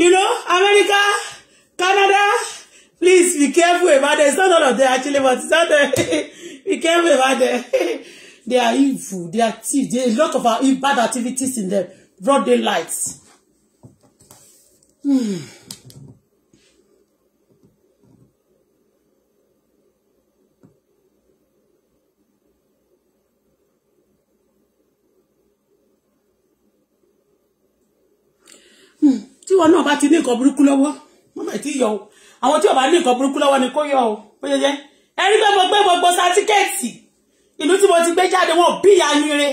you know America Canada please be careful about them some of them actually but some of them be careful about them they are evil they are thief. there are a lot of bad activities in them broad daylight. Hmm. Hmm. tí wọn náà bá ti ní nǹkan burúkú lọ́wọ́ wọn bẹ̀ tí yọ o àwọn tí wọn bá ní nǹkan burúkú lọ́wọ́ ni kó yọ o ó yẹ yẹ ẹni pé mo gbé gbogbo sátíkẹ́ẹ̀tì ìlú tí mo ti gbé jáde wọn ò bí ìyá yín re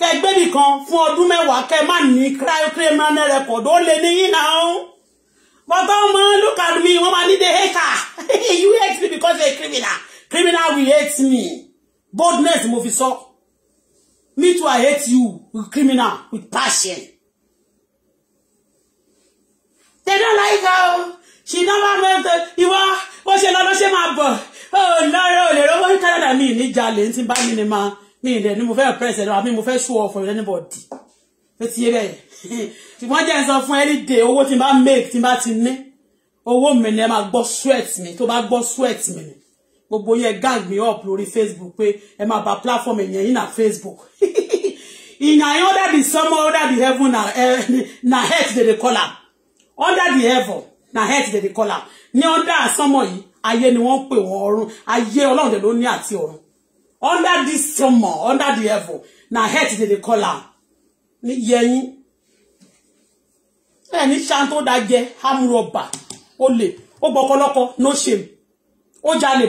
kẹ gbé nìkan fún ọdún mẹ́wàá kẹ má ní kíráìkíráìmánà rẹkọ̀d ó lè ní yín náà ó bàbá ọmọ look at me wọn máa ní the hater you hate me because you're a criminal criminal will hate me boldness mo fi sọ me too i hate you criminal with passion they don't like her she never meant ìwọ ó ṣe she ló ṣe máa bọ̀ ó no, no! lè rówó ní Canada me. ní jalè ní ti bá mi ni ma mi ìdẹ ni mo fẹ́ pẹ́sẹ̀ lọ àbí mo fẹ́ show off for anybody ó ti yé bẹ́ẹ̀ ṣùgbọ́n jẹ́ sọ fún every day owó tí n bá make tí n bá ti ní owó mi ni ẹ máa gbọ́ sweat mi tó bá gbọ́ sweat mi ni gbogbo yẹn gang me up lórí Facebook pé ẹ máa ba platform yẹn yín na Facebook ìyàn yín ó dàbí sọmọ ó dàbí heaven na eh, na health dey dey call am under the heaven na earth dey dey call am ní under àsánmọ̀ yìí ayé ni wọ́n pè wọ́n ọ̀run ayé ọlọ́run dẹ̀ àti ọ̀run under this summer under the heaven na earth dey dey call am ní yẹyin ẹ ní ṣan tó da jẹ no shame ajáde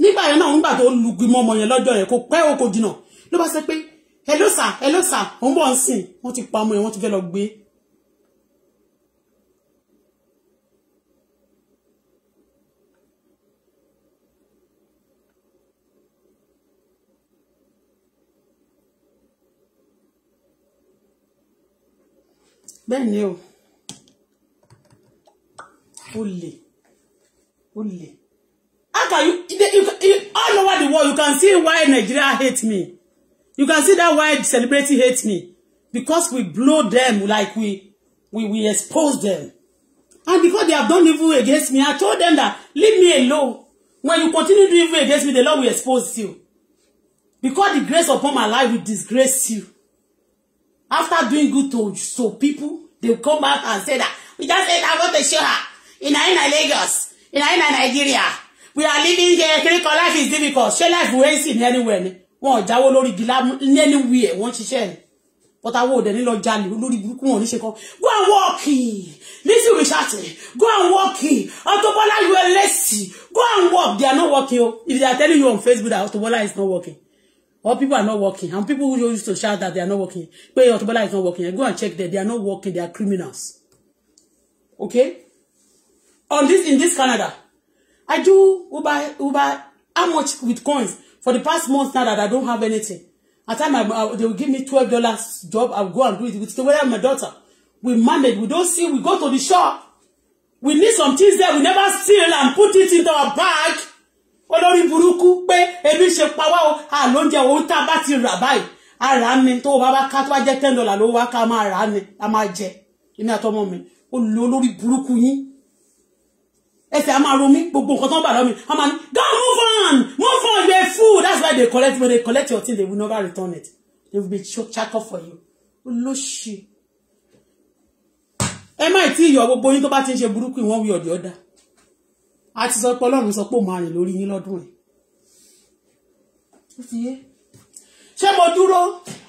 n'igba ọmọ ló bá sọ pé hello sir hello sir òun bọ̀ ń sìn wọ́n ti pa ọmọ yẹn wọ́n ti fẹ́ lọ gbé bẹ́ẹ̀ ni o olè olè how can you, you, you all over the world you can see why Nigeria hate me You can see that why the celebrity hates me. Because we blow them like we, we, we expose them. And because they have done evil against me, I told them that, leave me alone. When you continue doing evil against me, the Lord will expose you. Because the grace upon my life will disgrace you. After doing good to so people, they come back and say that, we just said I want to show her in Aina Lagos, in Aina Nigeria. We are living here, critical life is difficult. Show life will in anywhere wọn ò jáwọ́ lórí igi ní anywhere wọ́n ṣiṣẹ́ ni but àwọn òde nílọ jalè olórí burúkú wọn níṣe kan go and walk Lizzy Richards go and walk Auto Bola you are lazy go and walk they are not working o oh. if they are telling you on Facebook that Auto is not working or people are not working and people who used to shout that they are not working pé Auto is not working go and check them they are not working they are criminals okay on this in this Canada I do Uber Uber how much with coins For the past month now that I don't have anything, at time I, I, they will give me twelve dollars job. I'll go and do it with whether my daughter. We manage. We don't see. We go to the shop. We need some things there. We never steal and put it into our bag. Olórí burúkú pé ebi ṣe pa o. À ló ń jẹ òun tá ti rà báyìí. A rà á ni tó o bá bá dollar ló wá ká a máa ni a máa jẹ. Èmi àtọmọ mi. Olè olórí burúkú ẹsẹ̀ a máa ro mí gbogbo nǹkan tó ń bà lọ́ a máa ní go move on move on you a fool that's why they collect when they collect your thing they will never return it they will be chakọ for you olóṣì ẹ má tí ìyọ̀ gbogbo yín tó bá ti ń ṣe burúkú ìwọ̀n wí ọ̀dẹ̀ ọ̀dà a ti sọ pé ọlọ́run sọ pé òun máa rìn lórí yín lọ́dún ẹ̀ ó ti yé ṣé mo dúró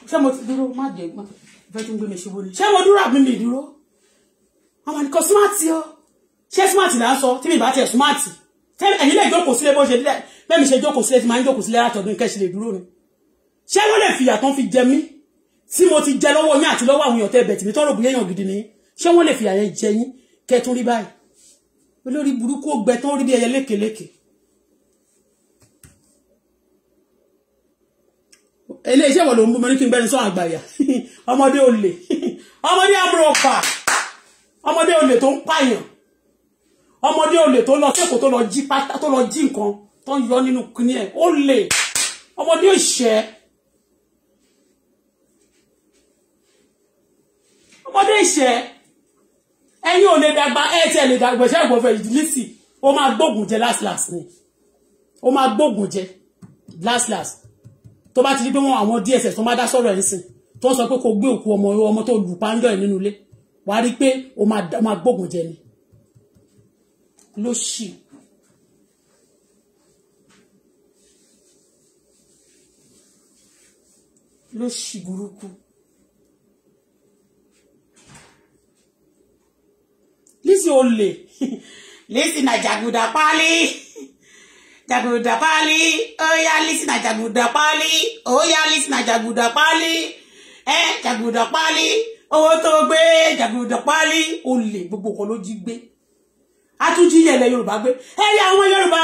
ṣé mo ti dúró má jẹ́ gbọ́n ìfẹ́ tí ń gbé mi ṣubú ni ṣé mo dúró àbí mi dúró àwọn àníkọ́ smart yóò ṣé smart là ń sọ tí mi bá tiẹ̀ smart ẹ̀yin lè jókòó sílé bó ṣe dílẹ̀ bẹ́ẹ̀ mi ṣe jókòó sílé tí máa ń jókòó sílé látọ̀dún kẹ́sì lè dúró ni ṣé ló lè fìyà tán fi jẹ mí tí mo ti jẹ lọ́wọ́ yín àti lọ́wọ́ àwọn èèyàn tẹ́ bẹ̀ tìmí tọ́rọ bùyẹ́ yàn gidi ni ṣé wọ́n lè fìyà yẹn jẹ yín kẹ́ tún rí báyìí olórí burúkú ó gbẹ tán rí bí ẹyẹ lékeleke eléyìí ṣé wọ́n ló ń bú mi ní kí n bẹ́ni sọ àgbàyà ọmọdé olè ọmọdé amúròpà ọmọdé olè tó ń pààyàn ọmọdé olè tó lọ sẹ́kọ̀ọ́ tó lọ jí pátá tó lọ jí nǹkan tó ń yọ nínú kíní ẹ̀ ó lè ọmọdé ìṣẹ́ ọmọdé ìṣẹ́ ẹ̀yin ò lè dàgbà ẹ̀ tí ẹ̀ lè dàgbà ẹ̀ṣẹ́ ìgbọ̀fẹ́ ìdílísì ó máa gbógun jẹ last last ni ó máa gbógun jẹ last last tó bá ti di pé wọn àwọn DSS tó máa dá sọ̀rọ̀ ẹ̀ ń sìn tó ń sọ pé kò gbé òkú ọmọ ọmọ tó lù pàǹdọ̀ ẹ̀ nínú ilé wàá rí pé ó máa gbógun jẹ ni lóṣì. lóṣì burúkú. Lizzy olè Lizzy na jàgùdà pálí jàgùdà pálí óyá Lizzy na jàgùdà pálí óyá Lizzy na jàgùdà pálí ẹ jàgùdà pálí owó tó gbé jàgùdà pálí olè gbogbo kan ló jí gbé atúnjí ilẹ̀ yorùbá gbé ẹ̀rí àwọn yorùbá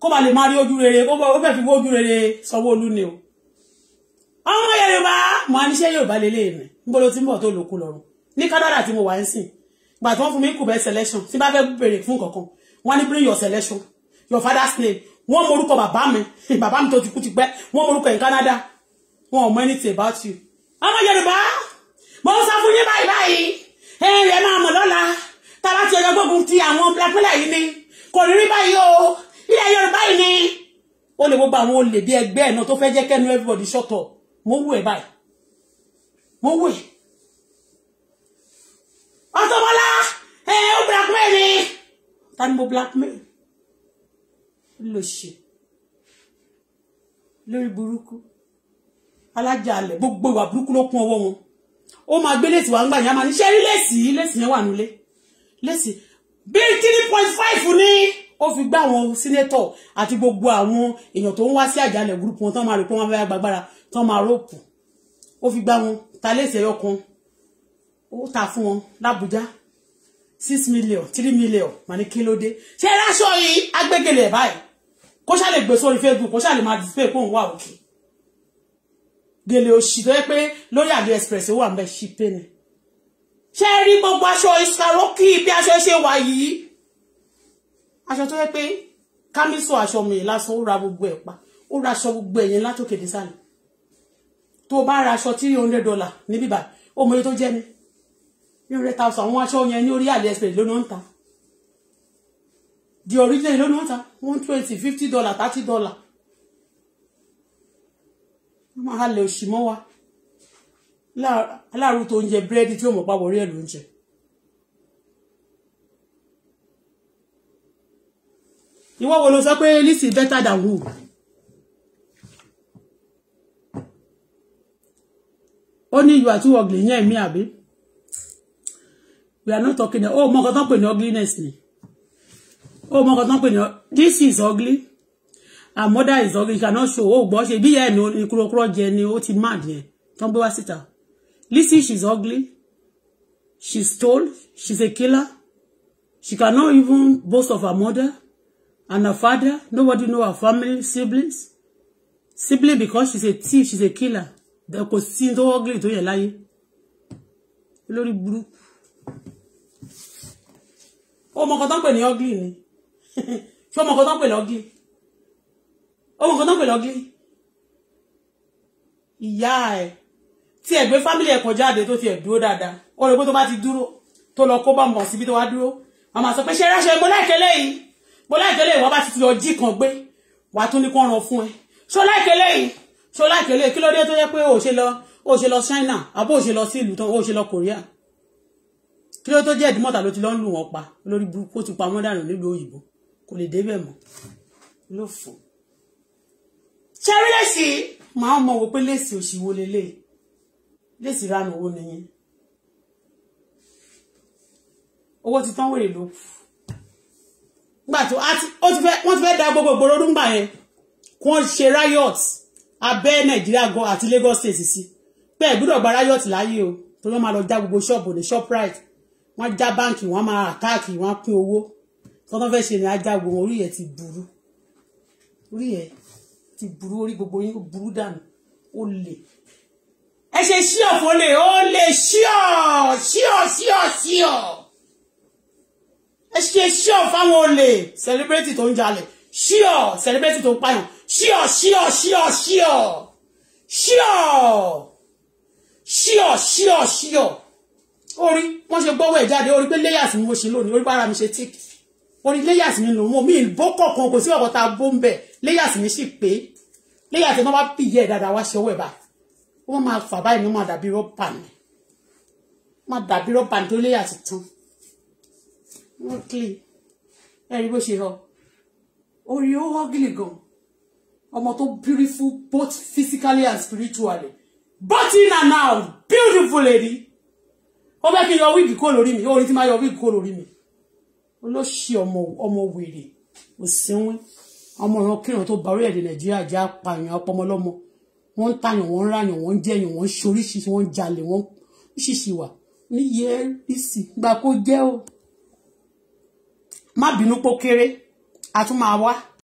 kó ba lè máa rí ojú rere kó bá ó fẹ́ fi wó ojú rere sanwó-olú ni o ọmọ yorùbá mo aníṣẹ́ yorùbá lélẹ̀ mi níbo ló ti ń bọ̀ tó lòkù lọ́rùn ní canada tí mo wà ń sìn gbà tí wọ́n fún mi kù bẹ́ẹ̀ selection tí bá fẹ́ bèrè fún kankan wọ́n ní bring your selection your father's name wọ́n morúkọ bàbá mi bàbá mi tó ti kú ti pẹ́ wọ́n morúkọ in canada wọn ò mọ anything about you ọmọ yorùbá mo sọ fún yín báyìí báyìí ẹ ẹ máa mọ̀ lọ́la ta láti ọjọ́ gbógun ti àwọn blackmailer yìí ni kò ní rí báyìí o ilẹ̀ yorùbá yìí ni ó lè gbogbo àwọn olè bí ẹgbẹ́ ẹ̀ náà tó fẹ́ jẹ́ kẹ́nu everybody shut up wọ́n wù ẹ̀ báyìí wọ́n wù ẹ̀ ọ̀tọ̀bọ́lá ẹ̀ ó blackmail ni ta ni mo blackmail ló lórí burúkú alájàalẹ̀ gbogbo ìwà burúkú ló kún ọwọ́ wọn ó máa gbé léèsì wà ń gbà yẹn a máa ní ṣe rí léèsì yìí yẹn wà nílé lẹ́sìn bíi three point five ní ó fi gbá àwọn sínétọ̀ àti gbogbo àwọn èèyàn tó ń wá sí àjálẹ̀ gúrúùpù wọn tán máa rí pé wọ́n fẹ́ gbàgbára tán máa rọ́ọ̀pù ó fi gbá wọn ta lẹ́sẹ̀ ẹyọ kan ó ta fún wọn lábújá six million three million màá ní kí ló dé ṣé ráṣọ yìí agbégele ẹ̀ báyìí kó ṣáà lè gbé sórí Facebook kó ṣáà lè máa display kóun wà òkè gèlè òṣì tó yẹ pé lórí àdé express ó wà ń bẹ pé ni ṣé rí gbogbo aṣọ ìsàrókì bí aṣọ ṣe wà yìí aṣọ tó yẹ pé kámísù aṣọ mi lásán ó ra gbogbo ẹ̀ pa ó ra aṣọ gbogbo ẹ̀yẹn látòkè désàlẹ̀ tó bá ra aṣọ three hundred dollar ní bíbá ó mọ iye tó jẹ́ mi three hundred thousand àwọn aṣọ yẹn ní orí AliExpress lónà ń ta the original lónà ń ta one twenty fifty dollar thirty dollar wọ́n máa halẹ̀ òṣì mọ́ wa. aláàrú tó ń jẹ búrẹ́dì tí ó mọ̀ pàwọ̀ orí ẹ̀ ló ń jẹ. ìwọ wo ló sọ pé lisi better than who. ó ní you are too ugly yẹn mi àbí we are not talking ó mọ nǹkan tó ń pè ní ugliness ni ó mọ nǹkan tó ń pè ní this is ugly and mother is ugly you cannot show ó gbọ́ ṣe bí yẹn ní kúròkúrò jẹ ni ó ti mad yẹn tó ń gbé wá síta. Listen, she's ugly. She stole. She's a killer. She cannot even boast of her mother and her father. Nobody know her family, siblings. Sibling because she's a thief, she's a killer. They could see so ugly tó yẹ láyé. Lórí burúkú. Ọmọ kan tán pè ní ugly Oh, my god, kan tán pè ní ugly? Ọmọ kan tán pè ní ugly? Yeah tí ẹ gbé fámìlì ẹ̀ kan jáde tó ti ẹ̀ dúró dáadáa ó rẹ pé tó bá ti dúró tó lọ kó bọ̀m̀bọ̀ síbi tó wá dúró wọ́n máa sọ pé ṣe ráṣọ ẹ̀ gbọ́dá ìkẹlẹ́ yìí gbọ́dá ìkẹlẹ́ ìwọ́ bá ti ti lọ jí kan gbé wà á tún ní kó ràn fún ẹ ṣọlá ìkẹlẹ́ yìí ṣọlá ìkẹlẹ́ kí ló dé tó yẹ pé ó ṣe lọ ó ṣe lọ China àbó ó ṣe lọ sí ìlú tán ó ṣe lọ Korea kí ló tó jẹ́ ìdímọ̀ta ló ti lọ ń lù wọ́n pa lórí burúkú ó ti pa wọ́n dànù nílùú òyìnbó kò lè débẹ̀ mọ́ ló fò ṣe rí lẹ́sì máa ń mọ̀ wò pé lẹ́sì òṣìwò lélẹ́yìí lèsì ránu owó nìyẹn owó ti tán wèrè ló kù gbà tó wọ́n ti fẹ́ da gbogbo ìgboro ọdún gbà yẹn kí wọ́n ṣe riot abẹ́ nàìjíríà gan àti Lagos state sí pé ìgbúdọ̀ gba riot láyé o tó lọ́ máa lọ já gbogbo ṣọ́ọ̀bù ní Shoprite wọ́n já báǹkì wọ́n máa àkáàkì wọ́n pín owó tó tán fẹ́ ṣe ní ajá gbogbo orí ẹ̀ ti burú orí ẹ̀ ti burú orí gbogbo yín burú dànù ó lè ẹ ṣe ṣíọ̀ fọlẹ̀ ó lè ṣíọ̀ ṣíọ̀ ṣíọ̀ ṣíọ̀ ẹ ṣe ṣíọ̀ fáwọn olè celebrity tó ń jalè ṣíọ̀ celebrity tó ń pààyàn ṣíọ̀ ṣíọ̀ ṣíọ̀ ṣíọ̀ ṣíọ̀ ṣíọ̀ ṣíọ̀ ṣíọ̀ orí wọ́n ṣe gbọ́wọ́ ẹ̀ jáde orí pé layers mi mo ṣe lónìí orí bára mi ṣe tík orí layers mi lòun mi bó kọ̀ọ̀kan kò sí ọ̀kọ̀ta bó ń bẹ̀ layers mi sì pé layers mi wọ́n bá pìyẹ́ dáadáa wá ṣe ọwọ́ ẹ̀ báyìí wọ́n máa fà báyìí ní máa dàbí rọ́bà ni máa dàbí rọ́bà ni tó léyà tuntun wọ́n kílì ẹ̀rí bó ṣe rọ orí ó họ́gìlì gan ọmọ tó beautiful both physically and spiritually both in and out beautiful lady ó fẹ́ kí n yọ wíìgì kó lórí mi orin tí máa yọ wíìgì kó lórí mi olóṣì ọmọ ọmọ wèrè òsínwín ọmọ ìran kíran tó ba orílẹ̀-èdè nàìjíríà jẹ́ apààyàn ọpọmọlọ́mọ wọ́n ń tàyàn wọ́n ń ràyàn wọ́n ń jẹyàn wọ́n ń ṣoríṣiṣi wọ́n ń jalè wọ́n ń ṣìṣì wà níyẹ rísì gbà kó jẹ́ o má bínú pó kéré a tún máa wá